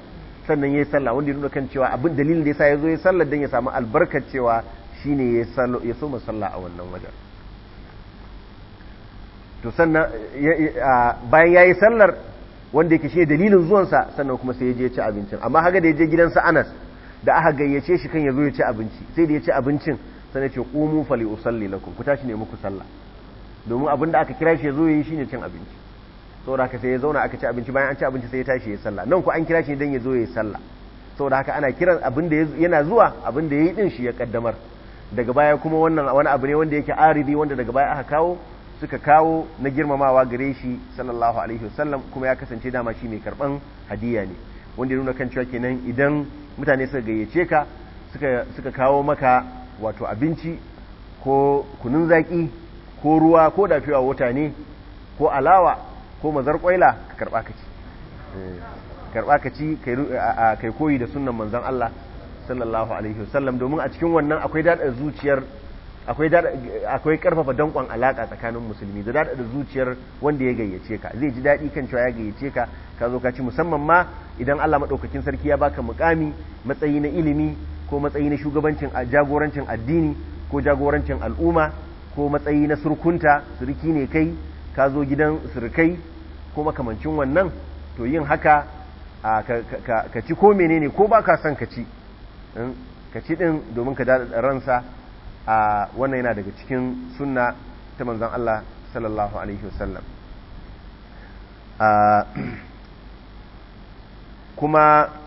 sannan yayi sallah wanda ya nuna kan cewa abin dalilin da yasa ya zo ya sallah dan ya samu albarkar cewa shine yayi sallo ya so sallah a wannan wajen to sannan bayan yayi sallar wanda yake shi dalilin zuwansa sannan kuma sai ya je ya ci abincin amma haga da ya je gidansa Anas da aka gayyace shi kan ya zo ya ci abinci sai da ya ci abincin sai ya ce qumu fali usalli lakum ku tashi ne muku sallah domin abin da aka kira shi ya zo yi shi ne cin abinci saboda haka sai ya zauna aka ci abinci bayan an ci abinci sai ya tashi ya sallah nan ku an kira shi don ya zo ya sallah saboda haka ana kiran abin da yana zuwa abin da ya yi din shi ya kaddamar daga baya kuma wannan wani abu ne wanda yake aridi wanda daga baya aka kawo suka kawo na girmamawa gare shi sallallahu alaihi wasallam kuma ya kasance dama shi mai karban hadiya ne wanda ya nuna kan cewa kenan idan mutane suka gayyace ka suka kawo maka wato abinci ko kunun zaki ko ruwa ko da fiwa wata ne ko alawa ko mazarkwaila ka karba ka ci eh, karba ka ci kai koyi da sunan manzon Allah sallallahu alaihi wasallam domin a cikin wannan akwai dada zuciyar akwai akwai karfafa dankon alaka tsakanin musulmi da dada zuciyar wanda ya gayyace ka zai ji dadi kan cewa ya gayyace ka ka zo ka ci musamman ma idan Allah madaukakin sarki ya baka mukami matsayi na ilimi ko matsayi na shugabancin jagorancin addini ko jagorancin al'umma ko matsayi na surkunta surki ne kai ka zo gidan surkai ko makamancin wannan to yin haka ka ci ko menene ko ba ka son ka ci ka ci din domin ka dada ransa a wannan yana daga cikin sunna ta manzan Allah sallallahu alaihi wasallam kuma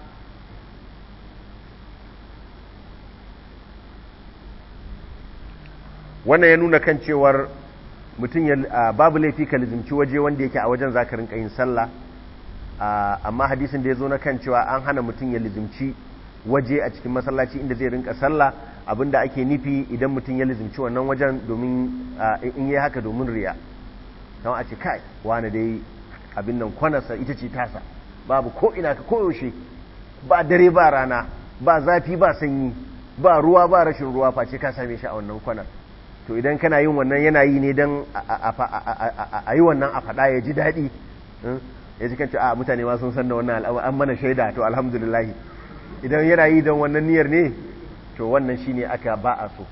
wannan ya nuna kan cewar mutum ya babu laifi ka lizimci waje wanda yake a wajen zakarin kayin yin sallah amma hadisin da ya zo na kan cewa an hana mutum ya lizimci waje a cikin masallaci inda zai rinka sallah abinda ake nufi idan mutum ya lizimci wannan wajen domin in yi haka domin riya don a ce kai wani dai abin nan kwanarsa ita ce tasa babu ko ina ka koyaushe ba dare ba rana ba zafi ba sanyi ba ruwa ba rashin ruwa face ka same shi a wannan kwanar to idan kana yin wannan yana yi ne don a yi wannan a fada ya ji daɗi hmm? ya ji kanci a mutane ma sun san da wannan al'amur an mana shaida to alhamdulillahi idan yana yi don wannan niyyar ne to wannan shi ne aka ba a so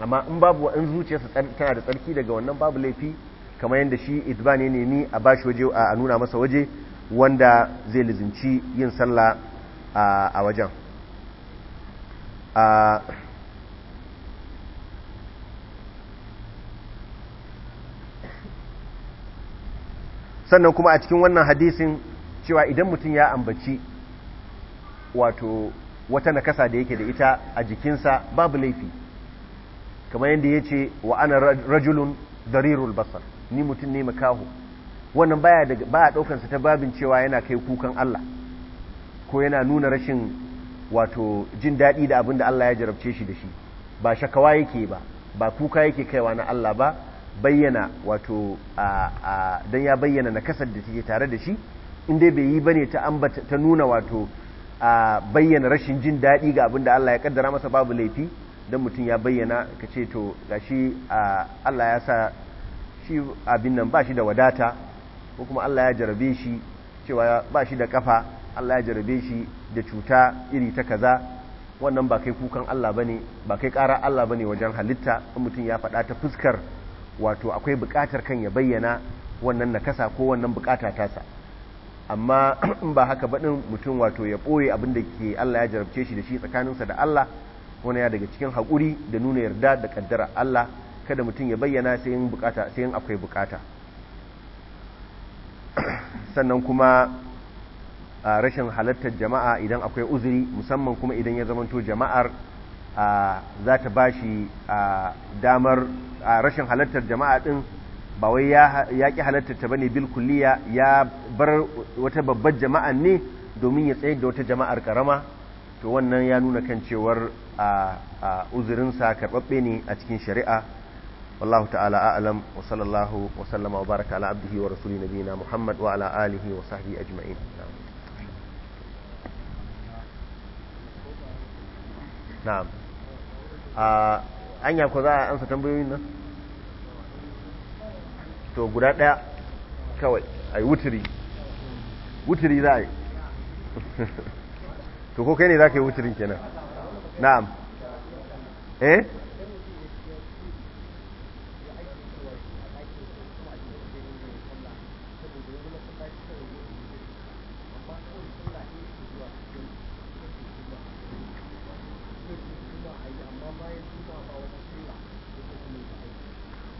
amma in babu in zuciyarsa tana da tsarki daga wannan babu laifi kamar yadda shi idbani ne ni a shi waje a nuna masa waje wanda zai lizinci yin sallah a wajen sannan kuma a cikin wannan hadisin cewa idan mutum ya ambaci wato wata nakasa da yake da ita a jikinsa babu laifi kamar yadda ya ce wa ana rajulun darirul basar ni mutum ne makaho wannan ba a daukansa ta babin cewa yana kai kukan Allah ko yana nuna rashin wato jin daɗi da abin da Allah ya jarabce shi da shi ba shakawa yake ba ba kuka yake kaiwa na Allah ba bayyana wato don ya bayyana na kasar da take tare da shi inda bai yi bane ta ambata ta nuna wato bayyana rashin jin daɗi ga abin da Allah ya kaddara masa babu laifi don mutum ya bayyana ka ce to gashi Allah ya sa shi abin nan ba shi da wadata ko kuma Allah ya jarabe shi cewa ba shi da kafa Allah ya jarabe shi da cuta iri ta kaza wannan ba kai kukan Allah bane ba kai ƙara Allah bane wajen halitta in mutum ya faɗa ta fuskar wato akwai bukatar kan ya bayyana wannan nakasa ko wannan bukata tasa amma in ba haka baɗin mutum wato ya ɓoye abin da ke Allah ya jarabce shi da shi tsakaninsa da Allah wani ya daga cikin haƙuri da nuna yarda da ƙaddara Allah kada mutum ya bayyana sai yin buƙata sai yin akwai bukata sannan kuma a rashin halartar jama'a idan akwai uzuri musamman kuma idan ya zamanto jama'ar za ta ba shi damar rashin halartar jama'a ɗin ba wai ya ƙi halartar ta bane bil ya bar wata babbar jama'a ne domin ya tsayar da wata jama'ar karama to wannan ya nuna kan cewar uzurinsa karɓaɓɓe ne a cikin shari'a wallahu ta'ala a'lam wa sallallahu wa sallama wa baraka ala abdihi wa rasuli nabiyina muhammad wa ala alihi wa sahbihi ajma'in na'am a anya za a ansa tambayoyin nan to guda daya kawai a yi wuturi wuturi za a yi to ko kai ne za ka yi wuturin kenan na'am eh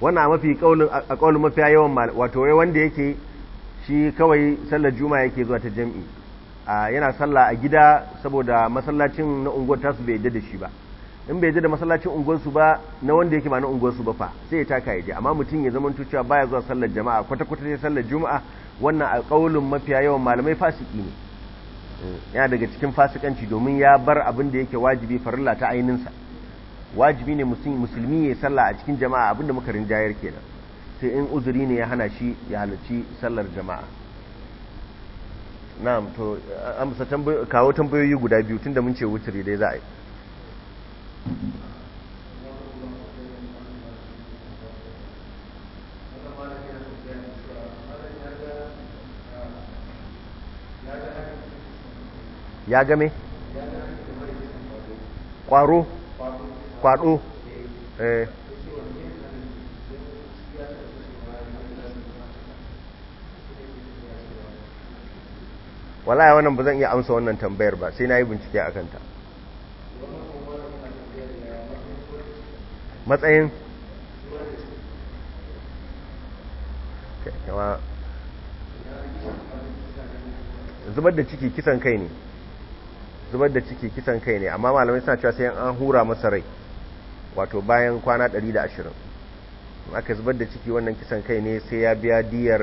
wannan mafi kaulin a kaulin mafiya yawan wato wai wanda yake shi kawai sallar juma'a yake zuwa ta jami'i yana sallah a gida saboda masallacin na unguwar tasu bai yadda da shi ba in bai yadda da masallacin unguwar su ba na wanda yake ba na unguwar su ba fa sai ya taka yaje amma mutum ya zama cewa baya zuwa sallar jama'a kwata kwata sai sallar juma'a wannan a kaulin mafiya yawan malamai fasiki ne eh, yana daga cikin fasikanci domin ya bar abin da yake wajibi farilla ta ainin sa wajibi ne musulmi ya sallah a cikin jama'a abinda muka rinjayar kenan sai in uzuri ne ya hana shi ya halarci sallar jama'a na'am to amsa kawo tambayoyi guda biyu tunda mun ce wuturi dai za a yi ya game? ƙwaro kwado eh wallahi wannan ba zan iya amsa wannan tambayar ba sai na yi bincike a kanta matsayin zubar da ciki kisan kai ne zubar da ciki kisan kai ne amma malamai suna cewa sai an hura masa rai wato bayan kwana 120 aka zubar da ciki wannan kisan kai ne sai ya biya diyar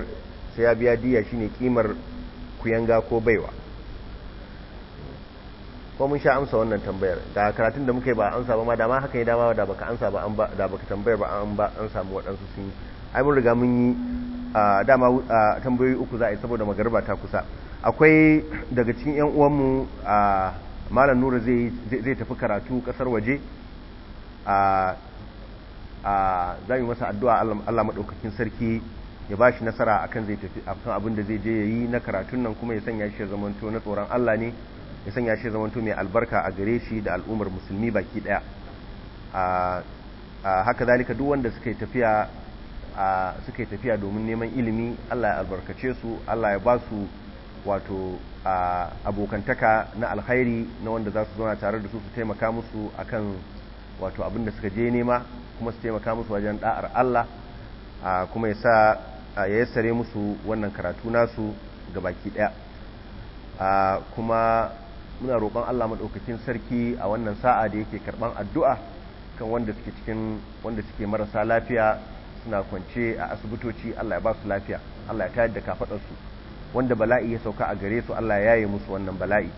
sai ya biya shine kimar kuyanga ko baiwa ko mun sha amsa wannan tambayar da karatun da muka yi ba sa ba ma dama haka yi dama da baka amsa ba an ba da baka tambayar ba an ba an samu waɗansu sun yi ai mun riga mun yi dama tambayoyi uku za a yi saboda magarba ta kusa akwai daga cikin yan uwanmu malam nura zai tafi karatu kasar waje za mu masa addu'a Allah maɗaukakin sarki ya ba shi nasara akan zai tafi akan abin da zai je ya yi na karatun nan kuma ya sanya shi zamanto na tsoron Allah ne ya sanya shi zamanto mai albarka a gare shi da al'ummar musulmi baki ɗaya haka zalika duk wanda suka yi tafiya suka yi tafiya domin neman ilimi Allah ya albarkace su Allah ya ba su wato abokantaka na alkhairi na wanda za su zauna tare da su su taimaka musu akan wato abin da suka je nema kuma su taimaka musu wajen da'ar Allah kuma ya sa ya yassare musu wannan karatu nasu ga baki daya kuma muna roƙon Allah maɗaukakin sarki a wannan sa'a da yake karban addu'a kan wanda suke cikin wanda suke marasa lafiya suna kwance a asibitoci Allah ya ba su lafiya Allah ya tayar da kafadar wanda bala'i ya sauka a gare su Allah ya yaye musu wannan bala'i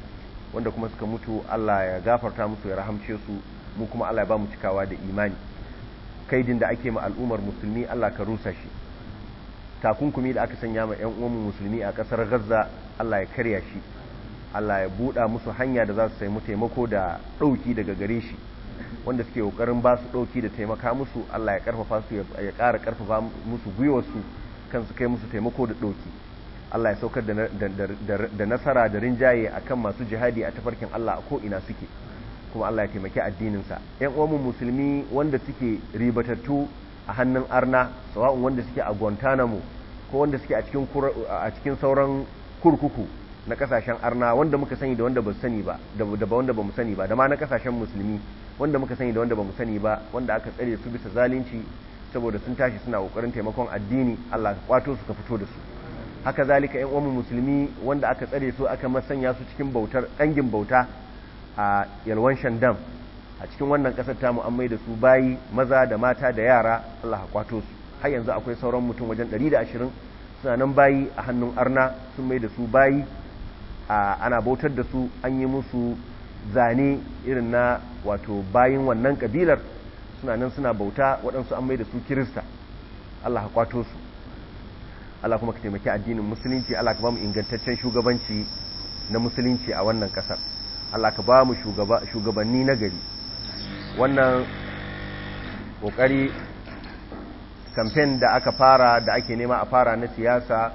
wanda kuma suka mutu Allah ya gafarta musu ya rahamce su mu kuma Allah ya ba mu cikawa da imani kaidin da ake ma al'ummar musulmi Allah ka rusa shi takunkumi da aka sanya ma ƴan uwan musulmi a ƙasar Gaza Allah ya karya shi Allah ya buɗa musu hanya da za su samu taimako da ɗauki daga gare shi wanda suke ƙoƙarin ba su ɗauki da taimaka musu Allah ya ƙarfafa su ya ƙara ƙarfafa musu su kan su kai musu taimako da ɗauki Allah ya saukar da nasara da rinjaye akan masu jihadi a tafarkin Allah a ko ina suke kuma Allah ya taimaki addininsa yan uwan musulmi wanda suke ribatattu a hannun arna sawa'un wanda suke a Guantanamo ko wanda suke a cikin a cikin sauran kurkuku na kasashen arna wanda muka sani da wanda ba sani ba da wanda ba mu sani ba da ma na kasashen musulmi wanda muka sani da wanda ba mu sani ba wanda aka tsare su bisa zalunci saboda sun tashi suna kokarin taimakon addini Allah ka kwato su ka fito da su haka zalika yan uwan musulmi wanda aka tsare su aka masanya su cikin bautar dangin bauta a yalwan shandam a cikin wannan kasar ta an mai da su bayi maza da mata da yara Allah kwato su har yanzu akwai sauran mutum wajen 120 suna nan bayi a hannun arna sun mai da su bayi ana bautar da su an yi musu zane irin na wato bayin wannan kabilar suna nan suna bauta waɗansu an mai da su kirista Allah kwato su Allah kuma ka taimaki addinin musulunci Allah ka ba mu ingantaccen shugabanci na musulunci a wannan ƙasar Allah ka ba mu shugabanni na gari wannan kokari kamfen da aka fara da ake nema a fara na siyasa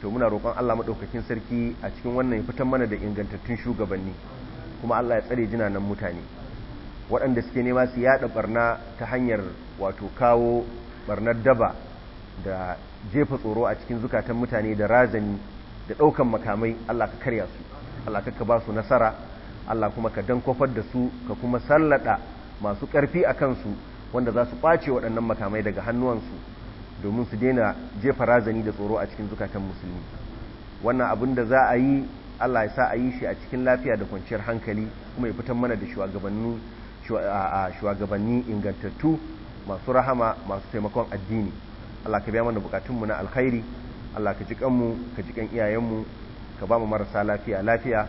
to muna roƙon Allah maɗaukakin sarki a cikin wannan ya fitan mana da ingantattun shugabanni kuma Allah ya tsare jinanan mutane waɗanda suke nema su yaɗa barna ta hanyar wato kawo barnar daba da jefa tsoro a cikin zukatan mutane da razani da ɗaukan makamai Allah ka karya su Allah ka ba su nasara Allah kuma ka dankofar da su ka kuma sallada masu ƙarfi a kansu wanda za su ɓace waɗannan makamai daga hannuwansu domin su daina jefa razani da tsoro a cikin zukatan musulmi wannan abin da za a yi Allah ya sa a yi shi a cikin lafiya da kwanciyar hankali kuma ya fitan mana da shugabanni ingantattu masu rahama masu taimakon addini Allah ka biya mana bukatunmu na alkhairi Allah ka ji kanmu ka ji kan iyayenmu ka ba mu marasa lafiya lafiya